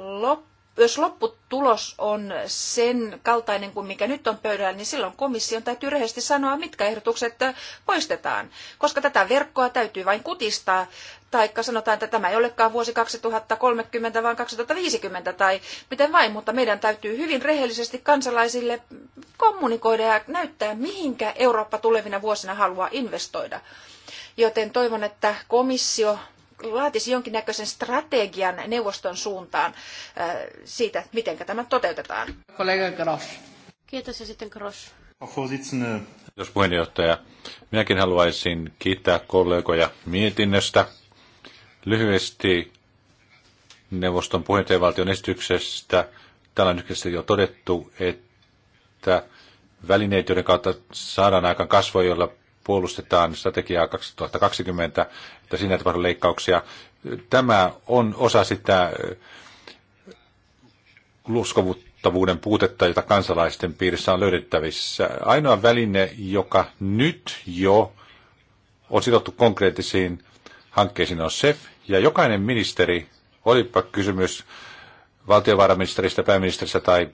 loppu jos lopputulos on sen kaltainen kuin mikä nyt on pöydällä, niin silloin komission täytyy rehellisesti sanoa, mitkä ehdotukset poistetaan, koska tätä verkkoa täytyy vain kutistaa, taikka sanotaan, että tämä ei olekaan vuosi 2030 vaan 2050 tai miten vain, mutta meidän täytyy hyvin rehellisesti kansalaisille kommunikoida ja näyttää, mihinkä Eurooppa tulevina vuosina haluaa investoida. Joten toivon, että komissio laatisi jonkinnäköisen strategian neuvoston suuntaan äh, siitä, miten tämä toteutetaan. Kollega Grosch. Kiitos ja sitten Grosch. Kiitos puheenjohtaja. Minäkin haluaisin kiittää kollegoja mietinnöstä. Lyhyesti neuvoston puheenjohtajavaltion esityksestä. Täällä on yhdessä jo todettu, että välineet, joiden kautta saadaan aikaan kasvoja, joilla puolustetaan strategiaa 2020, että siinä tapahtuu leikkauksia. Tämä on osa sitä uskovuttavuuden puutetta, jota kansalaisten piirissä on löydettävissä. Ainoa väline, joka nyt jo on sidottu konkreettisiin hankkeisiin, on SEF, ja jokainen ministeri, olipa kysymys valtiovarainministeristä, pääministeristä tai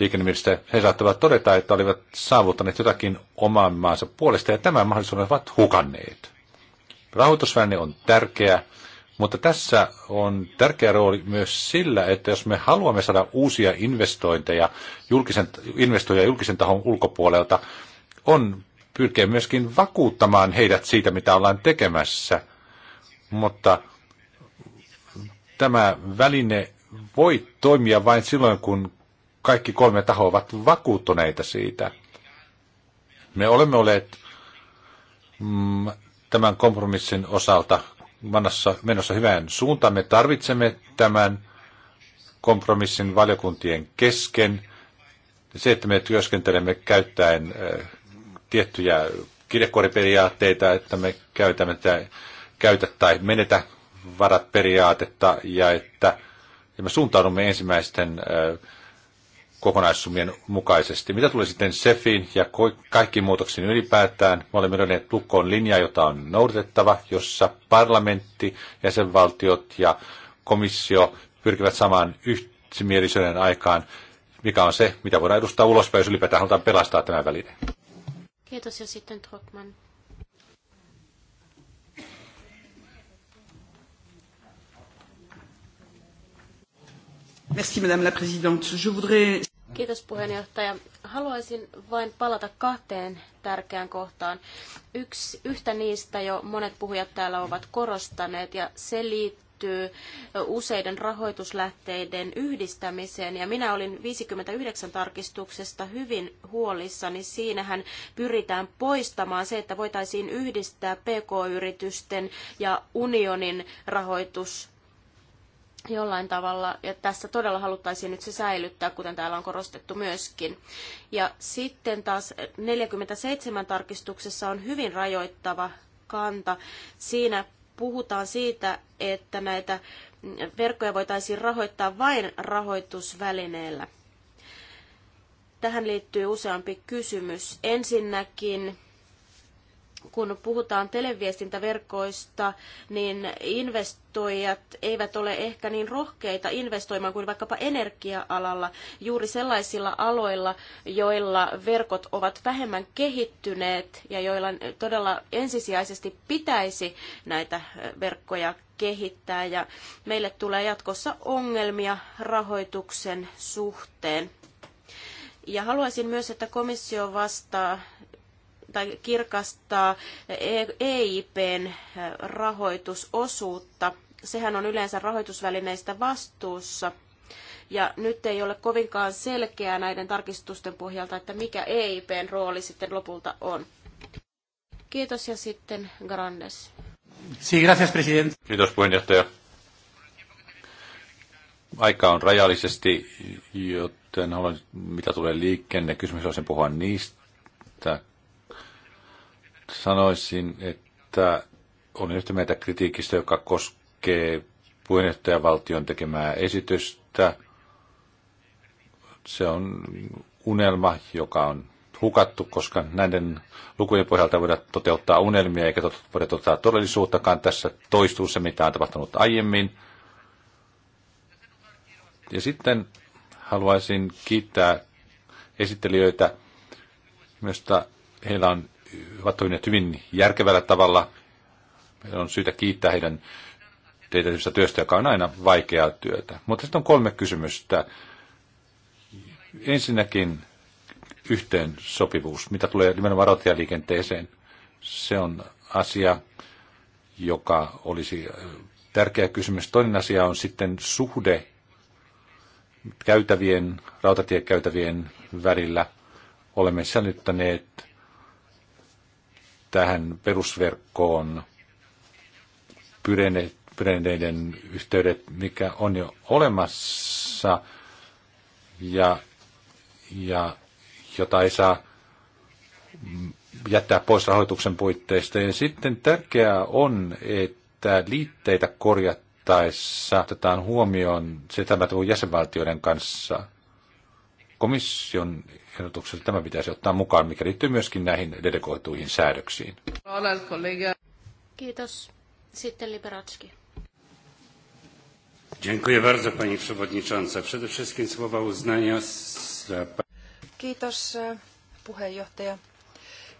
liikennemiestä, he saattavat todeta, että olivat saavuttaneet jotakin oman maansa puolesta ja tämän mahdollisuuden ovat hukanneet. Rahoitusväline on tärkeä, mutta tässä on tärkeä rooli myös sillä, että jos me haluamme saada uusia investointeja julkisen, investoja julkisen tahon ulkopuolelta, on pyrkiä myöskin vakuuttamaan heidät siitä, mitä ollaan tekemässä. Mutta tämä väline voi toimia vain silloin, kun kaikki kolme tahoa ovat vakuuttuneita siitä. Me olemme olleet mm, tämän kompromissin osalta mannassa, menossa hyvään suuntaan. Me tarvitsemme tämän kompromissin valiokuntien kesken. Se, että me työskentelemme käyttäen äh, tiettyjä kirjekuoriperiaatteita, että me käytämme tätä käytä tai menetä varat periaatetta ja että ja me suuntaudumme ensimmäisten äh, kokonaissummien mukaisesti. Mitä tulee sitten SEFiin ja kaikkiin muutoksiin ylipäätään, me olemme löydäneet lukkoon linjaa, jota on noudatettava, jossa parlamentti, jäsenvaltiot ja komissio pyrkivät samaan yksimielisyyden aikaan, mikä on se, mitä voidaan edustaa ulospäin, jos ylipäätään halutaan pelastaa tämä väline. Kiitos ja sitten Trotman. Merci, Madame la Présidente. Je voudrais... Kiitos puheenjohtaja. Haluaisin vain palata kahteen tärkeään kohtaan. Yksi, yhtä niistä jo monet puhujat täällä ovat korostaneet ja se liittyy useiden rahoituslähteiden yhdistämiseen. Ja minä olin 59 tarkistuksesta hyvin huolissani. Siinähän pyritään poistamaan se, että voitaisiin yhdistää PK-yritysten ja unionin rahoitus jollain tavalla, ja tässä todella haluttaisiin nyt se säilyttää, kuten täällä on korostettu myöskin. Ja sitten taas 47 eh, tarkistuksessa on hyvin rajoittava kanta. Siinä puhutaan siitä, että näitä verkkoja voitaisiin rahoittaa vain rahoitusvälineellä. Tähän liittyy useampi kysymys. Ensinnäkin kun puhutaan televiestintäverkoista, niin investoijat eivät ole ehkä niin rohkeita investoimaan kuin vaikkapa energia-alalla, juuri sellaisilla aloilla, joilla verkot ovat vähemmän kehittyneet ja joilla todella ensisijaisesti pitäisi näitä verkkoja kehittää. Ja meille tulee jatkossa ongelmia rahoituksen suhteen. Ja haluaisin myös, että komissio vastaa tai kirkastaa EIPn eh, rahoitusosuutta. Sehän on yleensä rahoitusvälineistä vastuussa. Ja nyt ei ole kovinkaan selkeää näiden tarkistusten pohjalta, että mikä EIPn rooli sitten lopulta on. Kiitos ja sitten Grandes. Sí, gracias, president. Kiitos puheenjohtaja. Aika on rajallisesti, joten haluan, mitä tulee liikenne, kysymys puhua niistä Sanoisin, että on yhtä meitä kritiikistä, joka koskee puheenjohtajavaltion tekemää esitystä. Se on unelma, joka on hukattu, koska näiden lukujen pohjalta voidaan toteuttaa unelmia eikä voida toteuttaa todellisuuttakaan. Tässä toistuu se, mitä on tapahtunut aiemmin. Ja sitten haluaisin kiittää esittelijöitä. myös heillä on ovat toimineet hyvin järkevällä tavalla. Meillä on syytä kiittää heidän teitä työstä, joka on aina vaikeaa työtä. Mutta sitten on kolme kysymystä. Ensinnäkin yhteen sopivuus, mitä tulee nimenomaan rautatieliikenteeseen. Se on asia, joka olisi tärkeä kysymys. Toinen asia on sitten suhde käytävien, rautatiekäytävien välillä. Olemme sälyttäneet tähän perusverkkoon pyreneiden yhteydet, mikä on jo olemassa ja, ja jota ei saa jättää pois rahoituksen puitteista. Ja sitten tärkeää on, että liitteitä korjattaessa otetaan huomioon se että jäsenvaltioiden kanssa. Komission ehdotuksessa. Tämä pitäisi ottaa mukaan, mikä liittyy myöskin näihin dedikoituihin säädöksiin. Kiitos. Sitten Liberatski. Dziękuję bardzo Pani Przewodnicząca. Przede wszystkim słowa uznania Kiitos e, puheenjohtaja.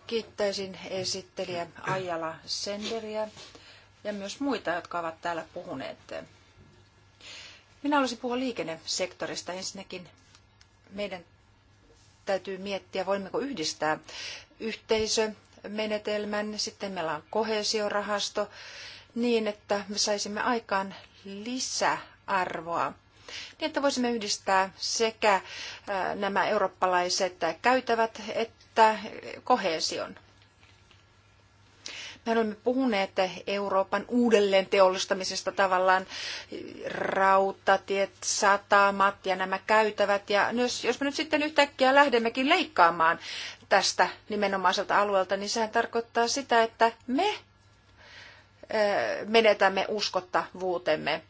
Kiittäisin esittelijä Ajala Senderiä ja myös muita, jotka ovat täällä puhuneet. Minä olisin puhua liikennesektorista. Ensinnäkin meidän täytyy miettiä, voimmeko yhdistää yhteisömenetelmän, sitten meillä on kohesiorahasto, niin että me saisimme aikaan lisäarvoa. Niin, että voisimme yhdistää sekä nämä eurooppalaiset käytävät että kohesion. Me olemme puhuneet Euroopan uudelleen teollistamisesta tavallaan rautatiet, satamat ja nämä käytävät. Ja jos me nyt sitten yhtäkkiä lähdemmekin leikkaamaan tästä nimenomaiselta alueelta, niin sehän tarkoittaa sitä, että me menetämme uskottavuutemme.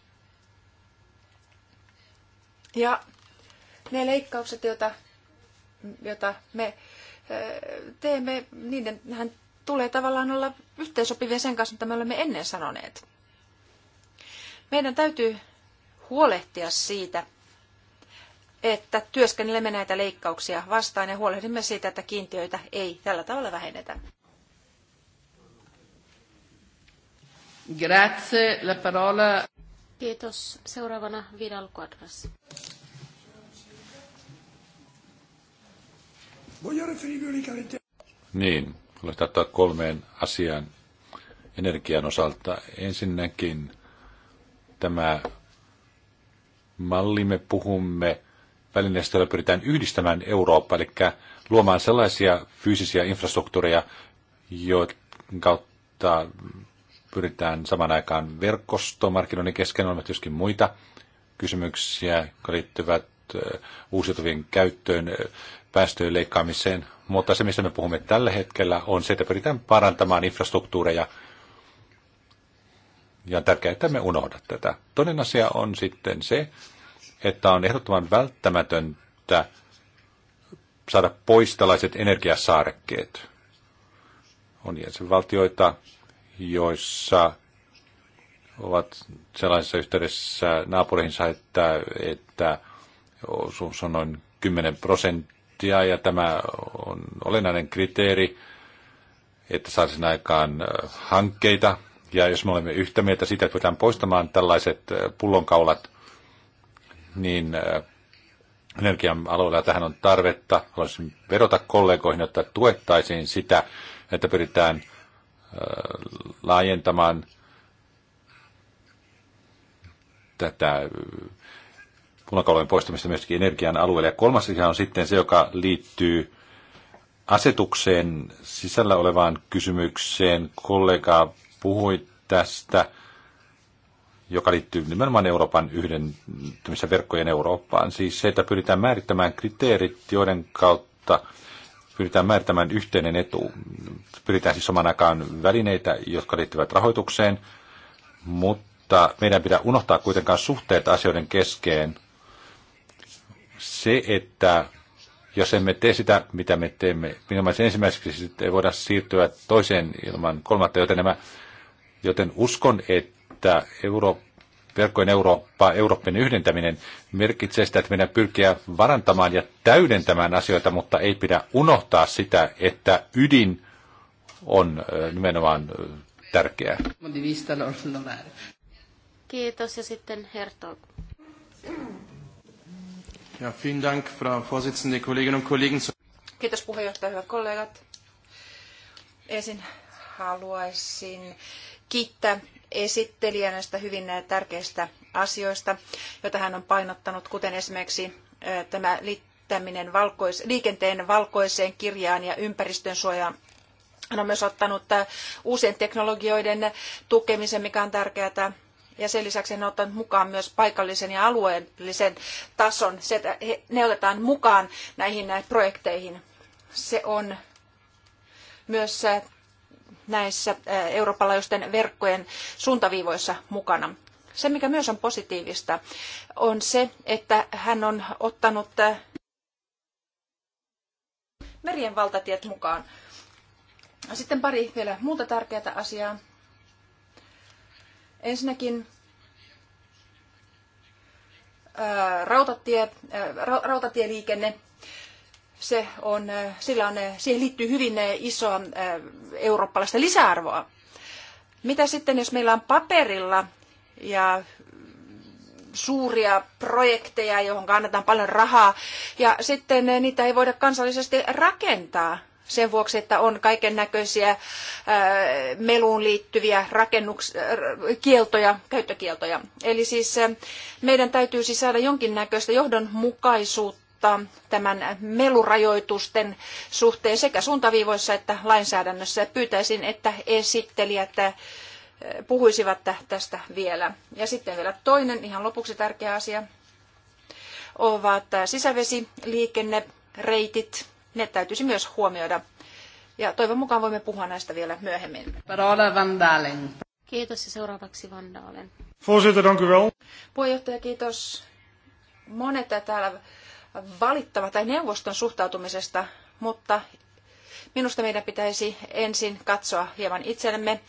Ja ne leikkaukset, joita, joita me teemme, niiden tulee tavallaan olla yhteensopivia sen kanssa, mitä me olemme ennen sanoneet. Meidän täytyy huolehtia siitä, että työskennellemme näitä leikkauksia vastaan ja huolehdimme siitä, että kiintiöitä ei tällä tavalla vähennetä. Grazie, la parola. Kiitos. Seuraavana Vidal Quadras. Niin, olen ottaa kolmeen asiaan energian osalta. Ensinnäkin tämä malli, me puhumme välineistä, joilla pyritään yhdistämään Eurooppa, eli luomaan sellaisia fyysisiä infrastruktuureja, joiden kautta pyritään saman aikaan verkostomarkkinoiden kesken, on myöskin muita kysymyksiä, jotka liittyvät Äh, uusiutuvien käyttöön, äh, päästöjen leikkaamiseen, mutta se, mistä me puhumme tällä hetkellä, on se, että pyritään parantamaan infrastruktuureja. Ja on tärkeää, että me unohda tätä. Toinen asia on sitten se, että on ehdottoman välttämätöntä saada pois tällaiset energiasaarekkeet. On jäsenvaltioita, joissa ovat sellaisessa yhteydessä naapureihinsa, että, että osuus on noin 10 prosenttia ja tämä on olennainen kriteeri, että saisin aikaan hankkeita. Ja jos me olemme yhtä mieltä siitä, että voidaan poistamaan tällaiset pullonkaulat, niin energian alueella tähän on tarvetta. Haluaisin vedota kollegoihin, että tuettaisiin sitä, että pyritään laajentamaan tätä pullonkaulojen poistamista myöskin energian alueelle. Ja kolmas asia on sitten se, joka liittyy asetukseen sisällä olevaan kysymykseen. Kollega puhui tästä, joka liittyy nimenomaan Euroopan yhden verkkojen Eurooppaan. Siis se, että pyritään määrittämään kriteerit, joiden kautta pyritään määrittämään yhteinen etu. Pyritään siis saman aikaan välineitä, jotka liittyvät rahoitukseen, mutta meidän pitää unohtaa kuitenkaan suhteet asioiden keskeen – se, että jos emme tee sitä, mitä me teemme, minun ensimmäiseksi sitten ei voida siirtyä toiseen ilman kolmatta, joten, nämä, joten uskon, että Euro, verkkojen Eurooppa, Euroopan yhdentäminen merkitsee sitä, että meidän pyrkiä varantamaan ja täydentämään asioita, mutta ei pidä unohtaa sitä, että ydin on nimenomaan tärkeää. Kiitos ja sitten Hertog. Ja, vielen Dank, Frau Vorsitzende, Kolleginnen und Kollegen. Kiitos puheenjohtaja, hyvät kollegat. Ensin haluaisin kiittää esittelijä näistä hyvin tärkeistä asioista, joita hän on painottanut, kuten esimerkiksi tämä liittäminen valkois- liikenteen valkoiseen kirjaan ja ympäristön suojaan. Hän on myös ottanut uusien teknologioiden tukemisen, mikä on tärkeää ja sen lisäksi ne on ottanut mukaan myös paikallisen ja alueellisen tason. Se, että ne otetaan mukaan näihin projekteihin. Se on myös äh, näissä äh, Euroopan laajuisten verkkojen suuntaviivoissa mukana. Se, mikä myös on positiivista, on se, että hän on ottanut äh, merien valtatiet mukaan. Sitten pari vielä muuta tärkeää asiaa. Ensinnäkin rautatie, rautatieliikenne, se on, sillä on, siihen liittyy hyvin isoa eurooppalaista lisäarvoa. Mitä sitten, jos meillä on paperilla ja suuria projekteja, johon kannetaan paljon rahaa, ja sitten niitä ei voida kansallisesti rakentaa, sen vuoksi, että on kaiken näköisiä äh, meluun liittyviä rakennuks- äh, kieltoja, käyttökieltoja. Eli siis äh, meidän täytyy siis saada jonkinnäköistä johdonmukaisuutta tämän melurajoitusten suhteen sekä suuntaviivoissa että lainsäädännössä. Pyytäisin, että esittelijät puhuisivat tästä vielä. Ja sitten vielä toinen ihan lopuksi tärkeä asia ovat sisävesiliikennereitit ne täytyisi myös huomioida. Ja toivon mukaan voimme puhua näistä vielä myöhemmin. Kiitos ja seuraavaksi Vandaalen. Puheenjohtaja, kiitos. Monet täällä valittavat tai neuvoston suhtautumisesta, mutta Minusta meidän pitäisi ensin katsoa hieman itsellemme.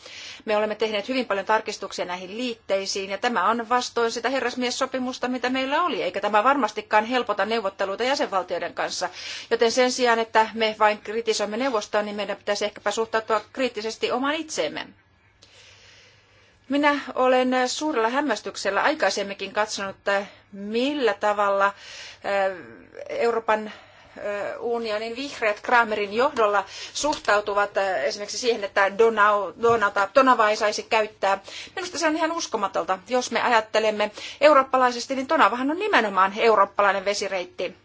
Me olemme tehneet hyvin paljon tarkistuksia näihin liitteisiin ja tämä on vastoin sitä herrasmiessopimusta, mitä meillä oli, eikä tämä varmastikaan helpota neuvotteluita jäsenvaltioiden kanssa. Joten sen sijaan, että me vain kritisoimme neuvostoa, niin meidän pitäisi ehkäpä suhtautua kriittisesti omaan itseemme. Minä olen suurella hämmästyksellä aikaisemminkin katsonut, millä tavalla Euroopan unionin vihreät Kramerin johdolla suhtautuvat esimerkiksi siihen, että Donau, Donata, Donava ei saisi käyttää. Minusta se on ihan uskomatonta. Jos me ajattelemme eurooppalaisesti, niin Donavahan on nimenomaan eurooppalainen vesireitti.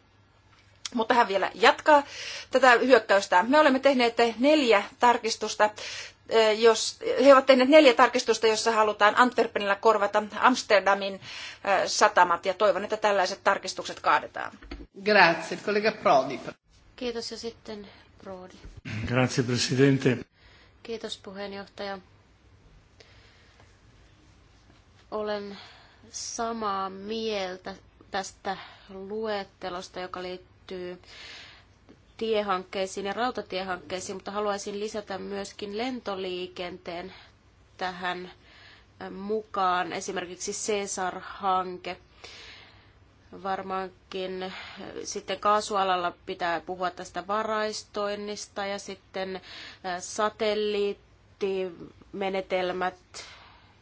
Mutta hän vielä jatkaa tätä hyökkäystä. Me olemme tehneet neljä tarkistusta jos, he ovat tehneet neljä tarkistusta, jossa halutaan Antwerpenillä korvata Amsterdamin satamat ja toivon, että tällaiset tarkistukset kaadetaan. Grazie, kollega Prodi. Kiitos se sitten Prodi. Grazie, presidente. Kiitos puheenjohtaja. Olen samaa mieltä tästä luettelosta, joka liittyy tiehankkeisiin ja rautatiehankkeisiin, mutta haluaisin lisätä myöskin lentoliikenteen tähän mukaan, esimerkiksi Cesar-hanke. Varmaankin sitten kaasualalla pitää puhua tästä varaistoinnista ja sitten satelliittimenetelmät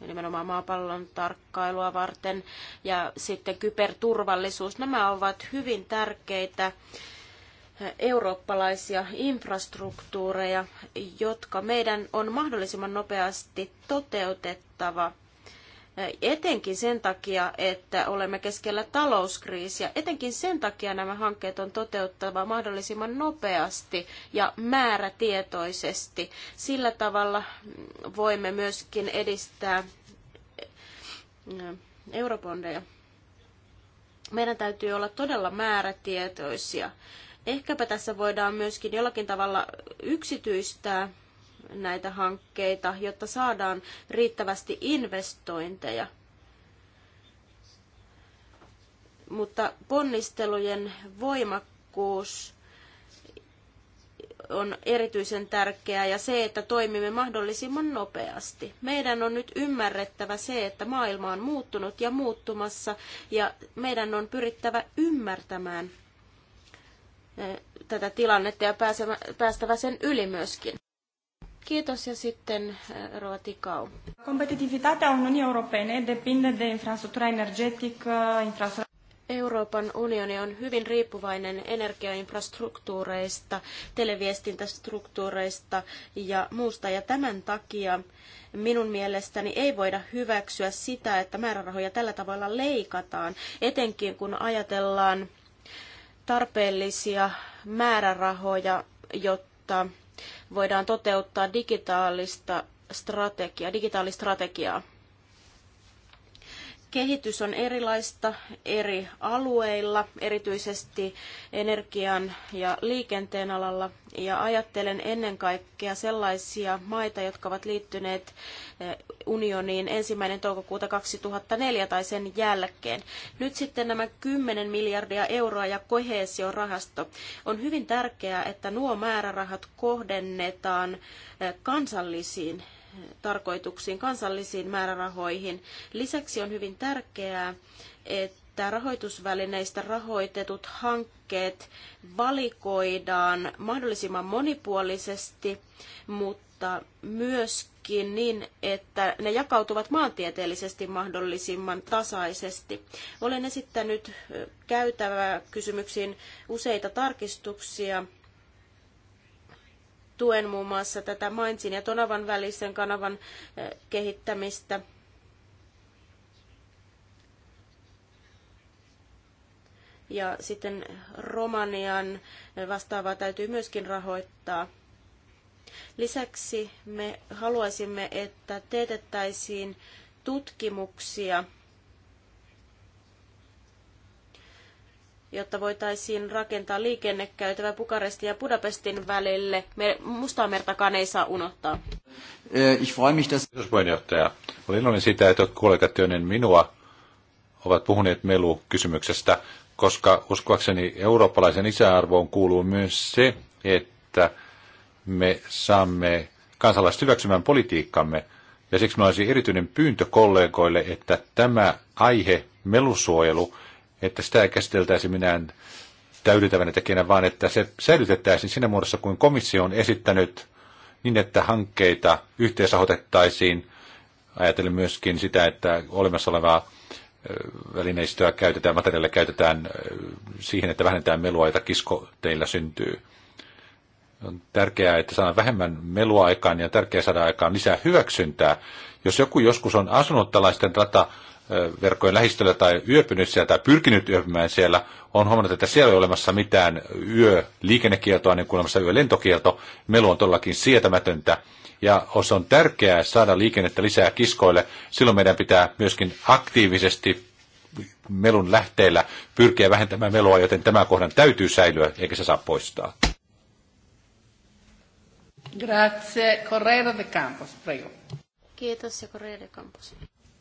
nimenomaan maapallon tarkkailua varten ja sitten kyberturvallisuus. Nämä ovat hyvin tärkeitä eurooppalaisia infrastruktuureja, jotka meidän on mahdollisimman nopeasti toteutettava etenkin sen takia, että olemme keskellä talouskriisiä. Etenkin sen takia nämä hankkeet on toteuttava mahdollisimman nopeasti ja määrätietoisesti. Sillä tavalla voimme myöskin edistää eurobondeja. Meidän täytyy olla todella määrätietoisia. Ehkäpä tässä voidaan myöskin jollakin tavalla yksityistää näitä hankkeita, jotta saadaan riittävästi investointeja. Mutta ponnistelujen voimakkuus on erityisen tärkeää ja se, että toimimme mahdollisimman nopeasti. Meidän on nyt ymmärrettävä se, että maailma on muuttunut ja muuttumassa ja meidän on pyrittävä ymmärtämään eh, tätä tilannetta ja päästävä sen yli myöskin. Kiitos ja sitten äh, Rova Tikau. Competitivitatea Uniunii Europene depinde de infrastructura energetică, infrastructura Euroopan unioni on hyvin riippuvainen energiainfrastruktuureista, televiestintästruktuureista ja muusta. Ja tämän takia minun mielestäni ei voida hyväksyä sitä, että määrärahoja tällä tavalla leikataan, etenkin kun ajatellaan tarpeellisia määrärahoja, jotta voidaan toteuttaa digitaalista strategiaa, digitaalistrategiaa. Kehitys on erilaista eri alueilla, erityisesti energian ja liikenteen alalla, ja ajattelen ennen kaikkea sellaisia maita, jotka ovat liittyneet eh, unioniin ensimmäinen toukokuuta 2004 tai sen jälkeen. Nyt sitten nämä 10 miljardia euroa ja koheesiorahasto. On hyvin tärkeää, että nuo määrärahat kohdennetaan eh, kansallisiin tarkoituksiin kansallisiin määrärahoihin. Lisäksi on hyvin tärkeää, että rahoitusvälineistä rahoitetut hankkeet valikoidaan mahdollisimman monipuolisesti, mutta myöskin niin, että ne jakautuvat maantieteellisesti mahdollisimman tasaisesti. Olen esittänyt käytävää kysymyksiin useita tarkistuksia tuen muun muassa tätä Mainzin ja Tonavan välisen kanavan eh, kehittämistä. Ja sitten Romanian vastaavaa täytyy myöskin rahoittaa. Lisäksi me haluaisimme, että teetettäisiin tutkimuksia – jotta voitaisiin rakentaa liikennekäytävä Bukarestin ja Budapestin välille. Me Mustaa mertakaan ei saa unohtaa. Eh, ich freue mich, dass... Kiitos puheenjohtaja. Olen iloinen sitä, että kollegat työnen minua ovat puhuneet melukysymyksestä, koska uskoakseni eurooppalaisen isäarvoon kuuluu myös se, että me saamme kansalaiset hyväksymään politiikkamme. Ja siksi minulla olisi erityinen pyyntö kollegoille, että tämä aihe, melusuojelu, että sitä ei käsiteltäisi minään täydentävänä tekijänä, vaan että se säilytettäisiin siinä muodossa, kuin komissio on esittänyt, niin että hankkeita yhteisrahoitettaisiin. Ajatellen myöskin sitä, että olemassa olevaa välineistöä käytetään, materiaalia käytetään siihen, että vähennetään melua, jota kiskoteillä syntyy. On tärkeää, että saadaan vähemmän melua aikaan ja on tärkeää saada aikaan lisää hyväksyntää. Jos joku joskus on asunut tällaisten rata verkkojen lähistöllä tai yöpynyt siellä tai pyrkinyt yöpymään siellä, on huomannut, että siellä ei ole olemassa mitään yöliikennekieltoa, niin kuin olemassa yölentokielto. Melu on todellakin sietämätöntä. Ja se on tärkeää saada liikennettä lisää kiskoille. Silloin meidän pitää myöskin aktiivisesti melun lähteillä pyrkiä vähentämään melua, joten tämän kohdan täytyy säilyä, eikä se saa poistaa. Grazie. Correra de Campos, prego. Kiitos ja Correra de Campos.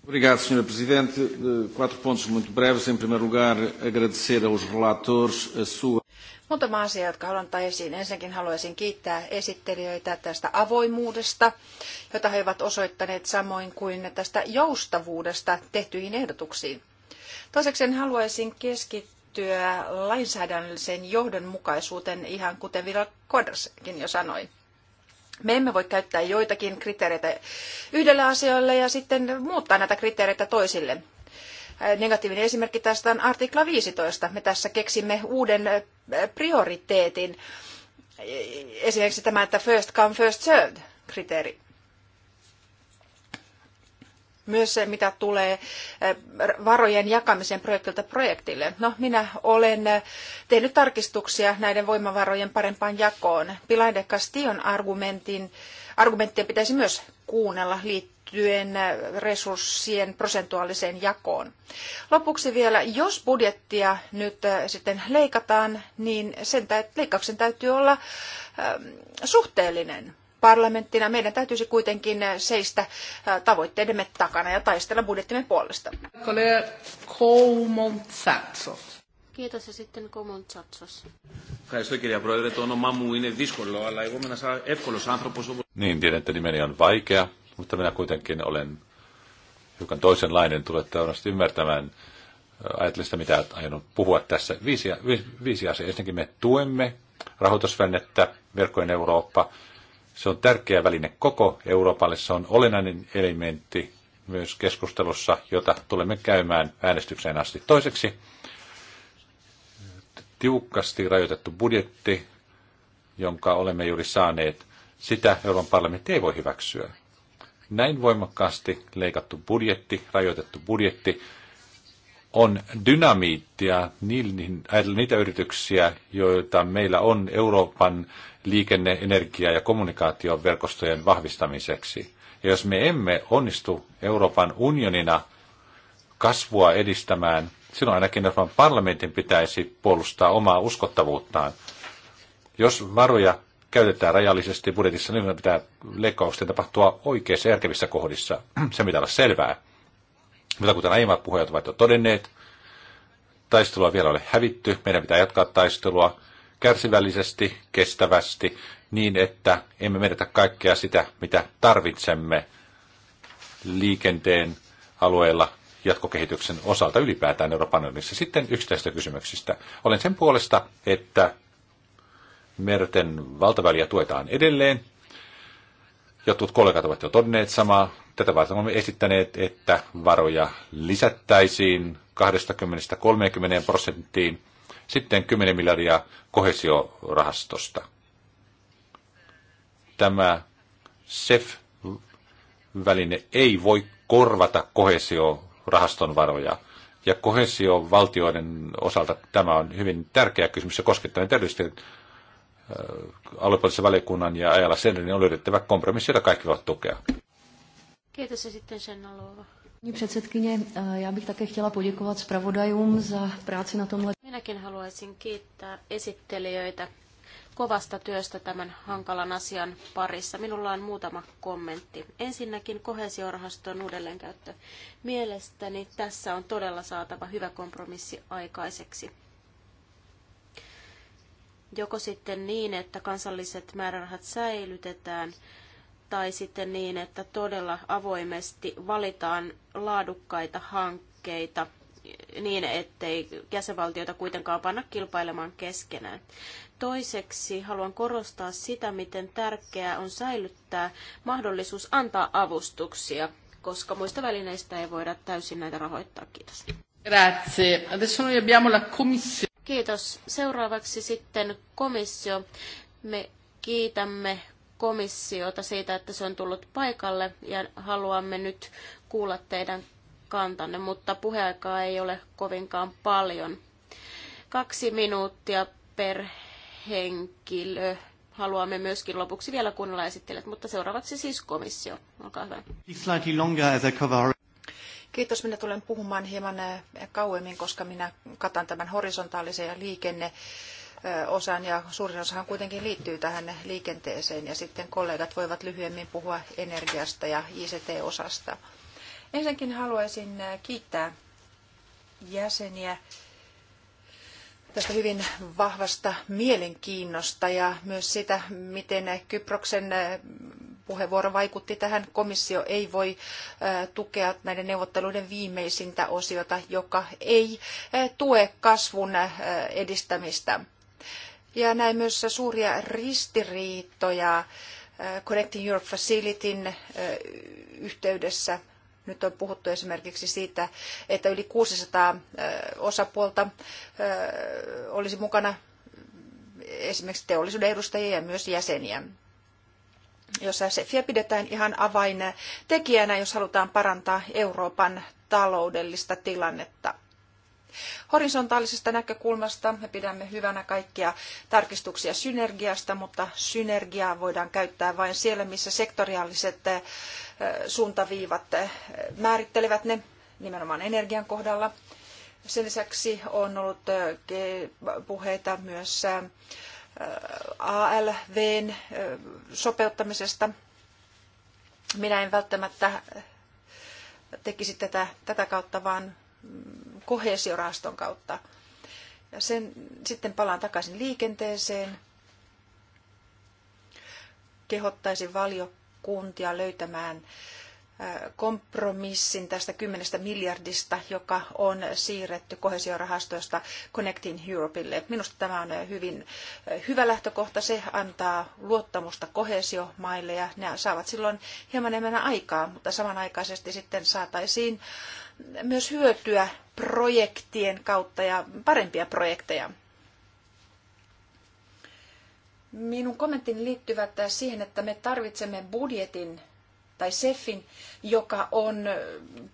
Obrigado, Sr. Presidente. Quatro pontos muito breves. Em primeiro lugar, agradecer aos relatores a sua... Muutama asia, jotka haluan ottaa esiin. Ensinnäkin haluaisin kiittää esittelijöitä tästä avoimuudesta, jota he ovat osoittaneet samoin kuin tästä joustavuudesta tehtyihin ehdotuksiin. Toiseksi haluaisin keskittyä lainsäädännölliseen johdonmukaisuuteen, ihan kuten Vila Kodraskin jo sanoi. Me emme voi käyttää joitakin kriteereitä yhdelle asialle ja sitten muuttaa näitä kriteereitä toisille. Negatiivinen esimerkki tästä on artikla 15. Me tässä keksimme uuden äh, prioriteetin, esimerkiksi tämä, että first come, first served kriteeri myös mitä tulee eh, varojen jakamiseen projektilta projektille. No, minä olen eh, tehnyt tarkistuksia näiden voimavarojen parempaan jakoon. Pilar de Castillon argumentin, argumenttia pitäisi myös kuunnella liittyen eh, resurssien prosentuaaliseen jakoon. Lopuksi vielä, jos budjettia nyt sitten leikataan, niin sen täyt, leikkauksen täytyy olla suhteellinen parlamenttina meidän täytyisi kuitenkin seistä tavoitteidemme takana ja taistella budjettimme puolesta. Kiitos ja sitten Komontsatsos. Ευχαριστώ Niin, tiedän, että nimeni on vaikea, mutta minä kuitenkin olen hiukan toisenlainen. Tulette varmasti ymmärtämään ajattelin sitä, mitä aion puhua tässä. Viisi, viisi asiaa. Ensinnäkin me tuemme rahoitusvälinettä, verkkojen Eurooppa, se on tärkeä väline koko Euroopalle. Se on olennainen elementti myös keskustelussa, jota tulemme käymään äänestykseen asti. Toiseksi tiukasti rajoitettu budjetti, jonka olemme juuri saaneet, sitä Euroopan parlamentti ei voi hyväksyä. Näin voimakkaasti leikattu budjetti, rajoitettu budjetti, on dynamiittia niitä yrityksiä, joita meillä on Euroopan liikenne-, energia- ja kommunikaatioverkostojen vahvistamiseksi. Ja jos me emme onnistu Euroopan unionina kasvua edistämään, silloin ainakin Euroopan parlamentin pitäisi puolustaa omaa uskottavuuttaan. Jos varoja käytetään rajallisesti budjetissa, niin pitää leikkausten tapahtua oikeissa järkevissä kohdissa. Se pitää olla selvää. Mutta kuten aiemmat puheet ovat jo todenneet, taistelua vielä ole hävitty. Meidän pitää jatkaa taistelua kärsivällisesti, kestävästi, niin että emme menetä kaikkea sitä, mitä tarvitsemme liikenteen alueella jatkokehityksen osalta ylipäätään Euroopan unionissa. Sitten yksittäisistä kysymyksistä. Olen sen puolesta, että merten valtaväliä tuetaan edelleen. Jotkut kollegat ovat jo todenneet samaa. Tätä varten olemme esittäneet, että varoja lisättäisiin 20-30 prosenttiin, sitten 10 miljardia kohesiorahastosta. Tämä SEF-väline ei voi korvata kohesiorahaston varoja. Ja kohesiovaltioiden osalta tämä on hyvin tärkeä kysymys ja koskettaa erityisesti Äh, aluepoliittisen valiokunnan ja ajalla sen, niin on löydettävä kompromissi, jota kaikki voivat tukea. Kiitos ja sitten sen alueella. předsedkyně, eh, já bych také chtěla poděkovat zpravodajům za práci na tomhle. Minäkin haluaisin kiittää esittelijöitä kovasta työstä tämän hankalan asian parissa. Minulla on muutama kommentti. Ensinnäkin kohesiorahaston uudelleenkäyttö. Mielestäni tässä on todella saatava hyvä kompromissi aikaiseksi joko sitten niin, että kansalliset määrärahat säilytetään, tai sitten niin, että todella avoimesti valitaan laadukkaita hankkeita niin, ettei jäsenvaltioita kuitenkaan panna kilpailemaan keskenään. Toiseksi haluan korostaa sitä, miten tärkeää on säilyttää mahdollisuus antaa avustuksia, koska muista välineistä ei voida täysin näitä rahoittaa. Kiitos. Grazie. Adesso noi abbiamo la commissione. Kiitos. Seuraavaksi sitten komissio. Me kiitämme komissiota siitä, että se on tullut paikalle ja haluamme nyt kuulla teidän kantanne, mutta puheaikaa ei ole kovinkaan paljon. Kaksi minuuttia per henkilö. Haluamme myöskin lopuksi vielä kuunnella esittelijät, mutta seuraavaksi siis komissio. Olkaa hyvä. Kiitos, minä tulen puhumaan hieman eh, kauemmin, koska minä katan tämän horisontaalisen ja liikenne eh, osan ja suurin osahan kuitenkin liittyy tähän liikenteeseen ja sitten kollegat voivat lyhyemmin puhua energiasta ja ICT-osasta. Ensinnäkin haluaisin eh, kiittää jäseniä tästä hyvin vahvasta mielenkiinnosta ja myös sitä, miten Kyproksen puheenvuoro vaikutti tähän. Komissio ei voi tukea näiden neuvotteluiden viimeisintä osiota, joka ei tue kasvun edistämistä. Ja näin myös suuria ristiriitoja Connecting Europe Facilityn yhteydessä nyt on puhuttu esimerkiksi siitä, että yli 600 osapuolta olisi mukana esimerkiksi teollisuuden edustajia ja myös jäseniä jossa SEFiä pidetään ihan avaintekijänä, jos halutaan parantaa Euroopan taloudellista tilannetta. Horisontaalisesta näkökulmasta me pidämme hyvänä kaikkia tarkistuksia synergiasta, mutta synergiaa voidaan käyttää vain siellä, missä sektoriaaliset eh, suuntaviivat eh, määrittelevät ne nimenomaan energian kohdalla. Sen lisäksi on ollut eh, puheita myös ALVn sopeuttamisesta. Minä en välttämättä tekisi tätä, tätä kautta, vaan mm, kohesiorahaston kautta. Ja sen, sitten palaan takaisin liikenteeseen. Kehottaisin valiokuntia löytämään äh, kompromissin tästä 10 miljardista, joka on siirretty kohesiorahastoista Connecting Europeille. Minusta tämä on hyvin hyvä lähtökohta. Se antaa luottamusta kohesiomaille ja ne saavat silloin hieman enemmän aikaa, mutta samanaikaisesti sitten saataisiin myös hyötyä projektien kautta ja parempia projekteja. Minun kommenttini liittyvät siihen, että me tarvitsemme budjetin tai SEFin, joka on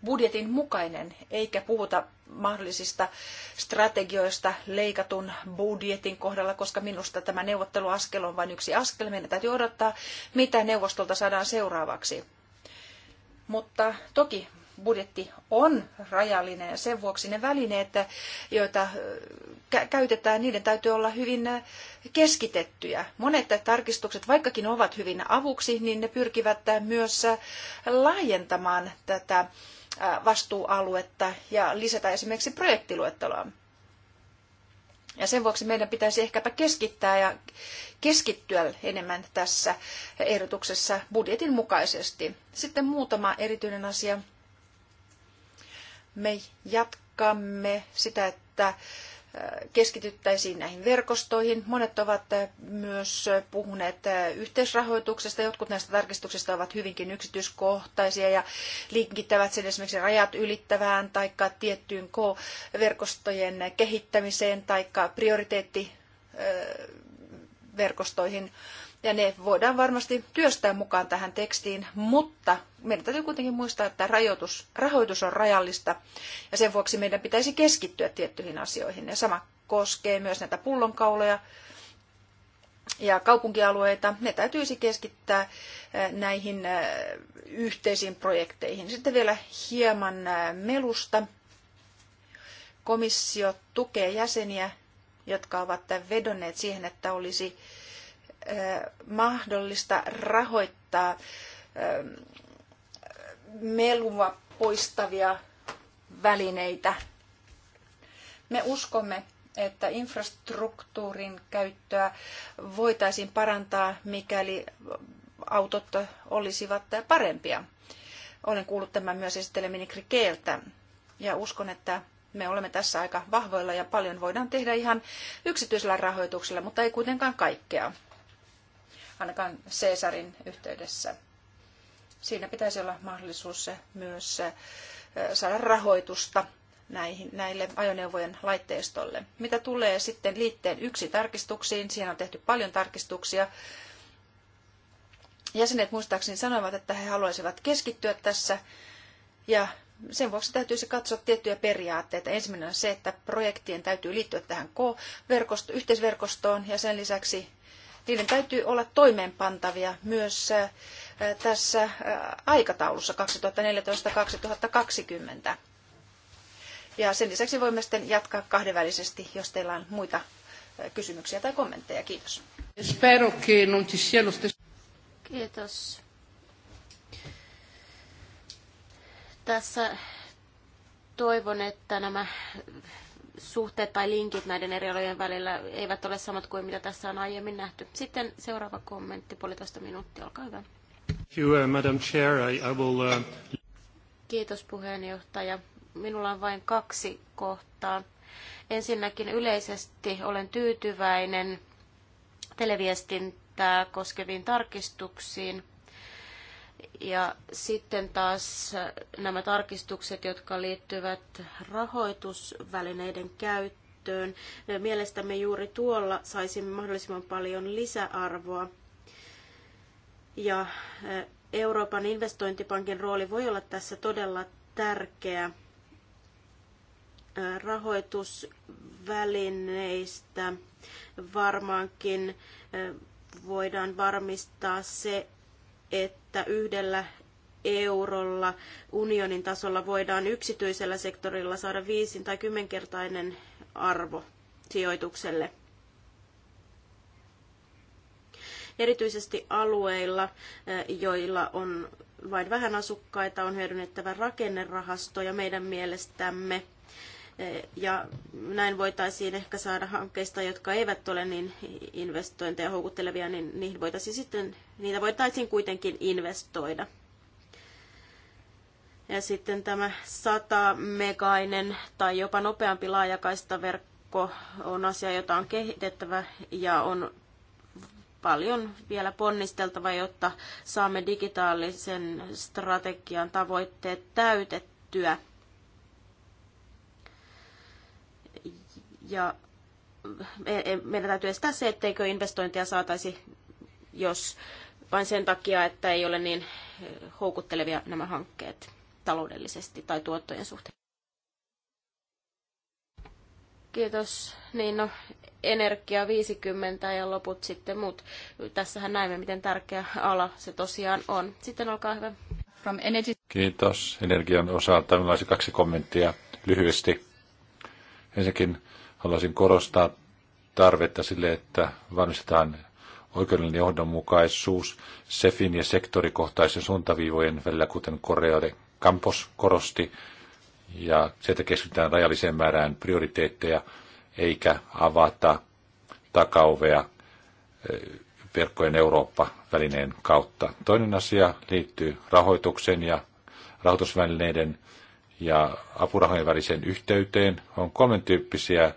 budjetin mukainen, eikä puhuta mahdollisista strategioista leikatun budjetin kohdalla, koska minusta tämä neuvotteluaskel on vain yksi askel. Meidän täytyy odottaa, mitä neuvostolta saadaan seuraavaksi. Mutta toki budjetti on rajallinen ja sen vuoksi ne välineet, joita käytetään, niiden täytyy olla hyvin keskitettyjä. Monet tarkistukset, vaikkakin ovat hyvin avuksi, niin ne pyrkivät myös laajentamaan tätä vastuualuetta ja lisätä esimerkiksi projektiluetteloa. Ja sen vuoksi meidän pitäisi ehkäpä keskittää ja keskittyä enemmän tässä ehdotuksessa budjetin mukaisesti. Sitten muutama erityinen asia, me jatkamme sitä, että äh, keskityttäisiin näihin verkostoihin. Monet ovat äh, myös puhuneet äh, yhteisrahoituksesta. Jotkut näistä tarkistuksista ovat hyvinkin yksityiskohtaisia ja linkittävät sen esimerkiksi rajat ylittävään tai tiettyyn K-verkostojen kehittämiseen tai prioriteettiverkostoihin. Ja ne voidaan varmasti työstää mukaan tähän tekstiin, mutta meidän täytyy kuitenkin muistaa, että rajoitus, rahoitus on rajallista ja sen vuoksi meidän pitäisi keskittyä tiettyihin asioihin. Ja sama koskee myös näitä pullonkauloja ja kaupunkialueita. Ne täytyisi keskittää eh, näihin eh, yhteisiin projekteihin. Sitten vielä hieman eh, melusta. Komissio tukee jäseniä, jotka ovat vedonneet siihen, että olisi Eh, mahdollista rahoittaa eh, melua poistavia välineitä. Me uskomme, että infrastruktuurin käyttöä voitaisiin parantaa, mikäli autot olisivat parempia. Olen kuullut tämän myös esittelemini Krikeeltä ja uskon, että me olemme tässä aika vahvoilla ja paljon voidaan tehdä ihan yksityisellä rahoituksella, mutta ei kuitenkaan kaikkea ainakaan Caesarin yhteydessä. Siinä pitäisi olla mahdollisuus myös eh, saada rahoitusta näihin, näille ajoneuvojen laitteistolle. Mitä tulee sitten liitteen yksi tarkistuksiin, siinä on tehty paljon tarkistuksia. Jäsenet muistaakseni sanoivat, että he haluaisivat keskittyä tässä ja sen vuoksi täytyisi katsoa tiettyjä periaatteita. Ensimmäinen on se, että projektien täytyy liittyä tähän K-verkosto, yhteisverkostoon ja sen lisäksi niiden täytyy olla toimeenpantavia myös tässä aikataulussa 2014-2020. Ja sen lisäksi voimme sitten jatkaa kahdenvälisesti, jos teillä on muita kysymyksiä tai kommentteja. Kiitos. Kiitos. Tässä toivon, että nämä suhteet tai linkit näiden eri alojen välillä eivät ole samat kuin mitä tässä on aiemmin nähty. Sitten seuraava kommentti, puolitoista minuuttia, olkaa hyvä. Uh, uh, Kiitos puheenjohtaja. Minulla on vain kaksi kohtaa. Ensinnäkin yleisesti olen tyytyväinen televiestintää koskeviin tarkistuksiin – ja sitten taas nämä tarkistukset, jotka liittyvät rahoitusvälineiden käyttöön. Mielestämme juuri tuolla saisimme mahdollisimman paljon lisäarvoa. Ja eh, Euroopan investointipankin rooli voi olla tässä todella tärkeä eh, rahoitusvälineistä varmaankin eh, voidaan varmistaa se, että että yhdellä eurolla unionin tasolla voidaan yksityisellä sektorilla saada viisin tai kymmenkertainen arvo sijoitukselle. Erityisesti alueilla, eh, joilla on vain vähän asukkaita, on hyödynnettävä rakennerahasto ja meidän mielestämme – Eh, ja näin voitaisiin ehkä saada hankkeista, jotka eivät ole niin investointeja houkuttelevia, niin niihin voitaisiin sitten, niitä voitaisiin kuitenkin investoida. Ja sitten tämä 100 megainen tai jopa nopeampi laajakaistaverkko on asia, jota on kehitettävä ja on paljon vielä ponnisteltava, jotta saamme digitaalisen strategian tavoitteet täytettyä. Ja e, meidän täytyy estää se, etteikö investointia saataisi, jos vain sen takia, että ei ole niin houkuttelevia nämä hankkeet taloudellisesti tai tuottojen suhteen. Kiitos. Niin no, energia 50 ja loput sitten muut. Tässähän näemme, miten tärkeä ala se tosiaan on. Sitten olkaa hyvä. From energy. Kiitos energian osalta. Minulla olisi kaksi kommenttia lyhyesti. Ensinnäkin Haluaisin korostaa tarvetta sille, että varmistetaan oikeudellinen johdonmukaisuus SEFin ja sektorikohtaisen suuntaviivojen välillä, kuten Korea de Campos korosti, ja se, keskitytään rajalliseen määrään prioriteetteja, eikä avata takauvea eh, verkkojen Eurooppa-välineen kautta. Toinen asia liittyy rahoitukseen ja rahoitusvälineiden ja apurahojen väliseen yhteyteen on kolmen tyyppisiä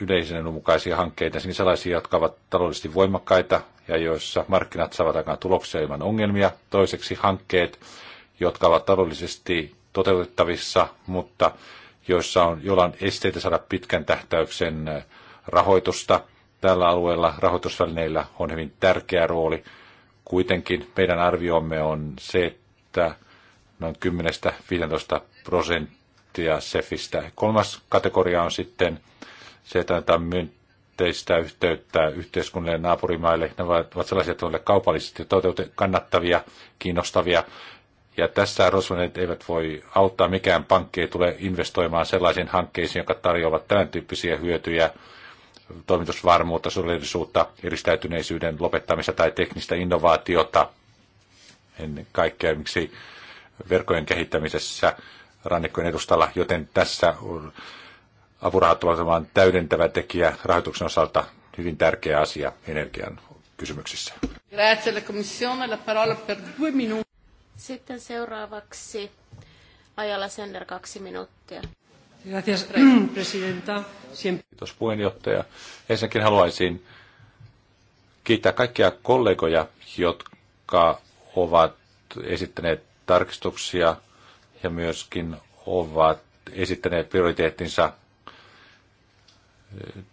yleisen mukaisia hankkeita, niin sellaisia, jotka ovat taloudellisesti voimakkaita ja joissa markkinat saavat aikaan tuloksia ilman ongelmia. Toiseksi hankkeet, jotka ovat taloudellisesti toteutettavissa, mutta joissa on, joilla on esteitä saada pitkän tähtäyksen äh, rahoitusta. Tällä alueella rahoitusvälineillä on hyvin tärkeä rooli. Kuitenkin meidän arviomme on se, että noin 10-15 prosenttia SEFistä. Kolmas kategoria on sitten se, että annetaan myönteistä yhteyttä yhteiskunnille naapurimaille. Ne ovat sellaisia, jotka ovat kaupallisesti toteute- kannattavia, kiinnostavia. Ja tässä Rosmanet eivät voi auttaa, mikään pankki ei tule investoimaan sellaisiin hankkeisiin, jotka tarjoavat tämän tyyppisiä hyötyjä, toimitusvarmuutta, solidarisuutta, eristäytyneisyyden lopettamista tai teknistä innovaatiota. Ennen kaikkea miksi verkkojen kehittämisessä rannikkojen edustalla, joten tässä apurahat ovat vain täydentävä tekijä rahoituksen osalta hyvin tärkeä asia energian kysymyksissä. Sitten seuraavaksi ajalla Sender kaksi minuuttia. Gracias, [clears throat] presidenta. Kiitos puheenjohtaja. Ensinnäkin haluaisin kiittää kaikkia kollegoja, jotka ovat esittäneet tarkistuksia ja myöskin ovat esittäneet prioriteettinsa.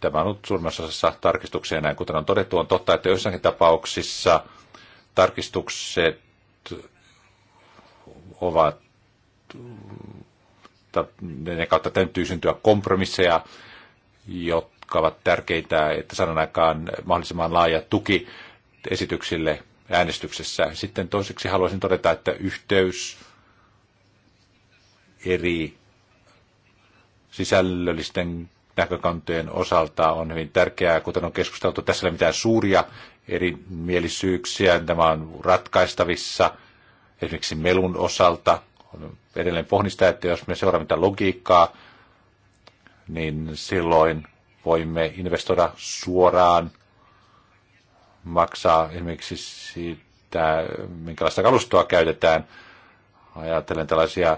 Tämä on suurimmassa osassa tarkistuksia näin, kuten on todettu. On totta, että joissakin tapauksissa tarkistukset ovat, ne kautta täytyy syntyä kompromisseja, jotka ovat tärkeitä, että sanon aikaan mahdollisimman laaja tuki esityksille, äänestyksessä. Sitten toiseksi haluaisin todeta, että yhteys eri sisällöllisten näkökantojen osalta on hyvin tärkeää, kuten on keskusteltu. Tässä ei ole mitään suuria erimielisyyksiä, tämä on ratkaistavissa. Esimerkiksi melun osalta on edelleen pohdista, että jos me seuraamme tätä logiikkaa, niin silloin voimme investoida suoraan maksaa esimerkiksi siitä, minkälaista kalustoa käytetään. Ajattelen tällaisia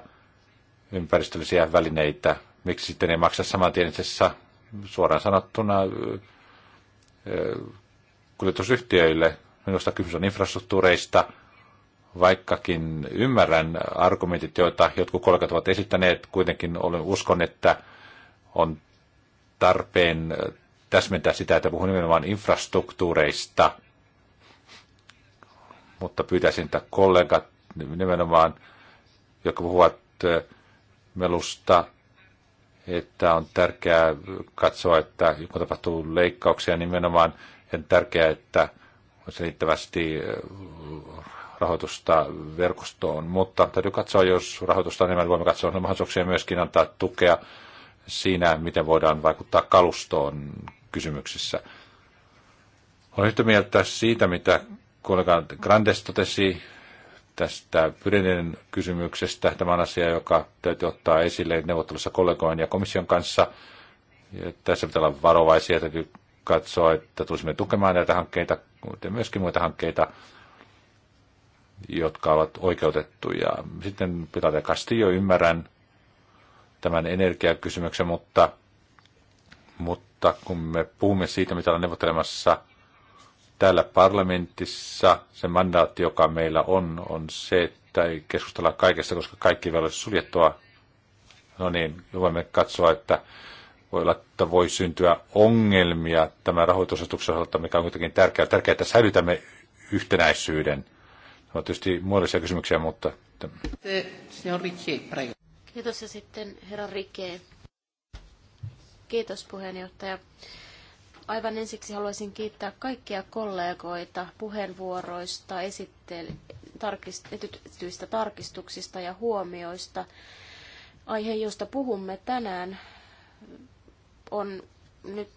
ympäristöllisiä välineitä. Miksi sitten ei maksa samantienisessä suoraan sanottuna kuljetusyhtiöille. Minusta kysymys on infrastruktuureista, vaikkakin ymmärrän argumentit, joita jotkut kollegat ovat esittäneet, kuitenkin olen uskon, että on tarpeen täsmentää sitä, että puhun nimenomaan infrastruktuureista, mutta pyytäisin, että kollegat nimenomaan, jotka puhuvat melusta, että on tärkeää katsoa, että kun tapahtuu leikkauksia, nimenomaan on tärkeää, että on riittävästi rahoitusta verkostoon, mutta täytyy katsoa, jos rahoitusta on enemmän, voimme katsoa mahdollisuuksia myöskin antaa tukea siinä, miten voidaan vaikuttaa kalustoon kysymyksissä. Olen yhtä mieltä siitä, mitä kollega Grandes totesi tästä Pyrenien kysymyksestä. Tämä on asia, joka täytyy ottaa esille neuvottelussa kollegojen ja komission kanssa. Ja tässä pitää olla varovaisia, täytyy katsoa, että tulisimme tukemaan näitä hankkeita, mutta myöskin muita hankkeita, jotka ovat oikeutettuja. Sitten pitää tehdä Castillo, ymmärrän tämän energiakysymyksen, mutta mutta kun me puhumme siitä, mitä ollaan neuvottelemassa täällä parlamentissa, se mandaatti, joka meillä on, on se, että ei keskustella kaikesta, koska kaikki vielä olisi suljettua. No niin, voimme katsoa, että voi olla, että voi syntyä ongelmia tämän rahoitusasetuksen osalta, mikä on kuitenkin tärkeää. Tärkeää, että säilytämme yhtenäisyyden. Ne ovat tietysti muodollisia kysymyksiä, mutta... Se, on Kiitos ja sitten herra Rikkeen. Kiitos puheenjohtaja. Aivan ensiksi haluaisin kiittää kaikkia kollegoita puheenvuoroista, esittely, tarkist, tarkistuksista ja huomioista. Aihe, josta puhumme tänään, on nyt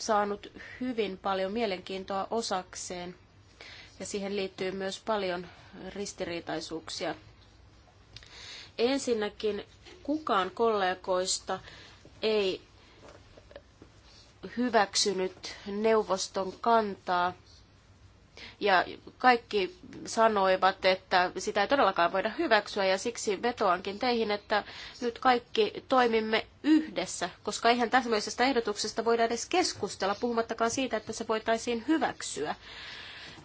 saanut hyvin paljon mielenkiintoa osakseen ja siihen liittyy myös paljon ristiriitaisuuksia. Ensinnäkin kukaan kollegoista ei hyväksynyt neuvoston kantaa. Ja kaikki sanoivat, että sitä ei todellakaan voida hyväksyä ja siksi vetoankin teihin, että nyt kaikki toimimme yhdessä, koska eihän tämmöisestä ehdotuksesta voida edes keskustella, puhumattakaan siitä, että se voitaisiin hyväksyä.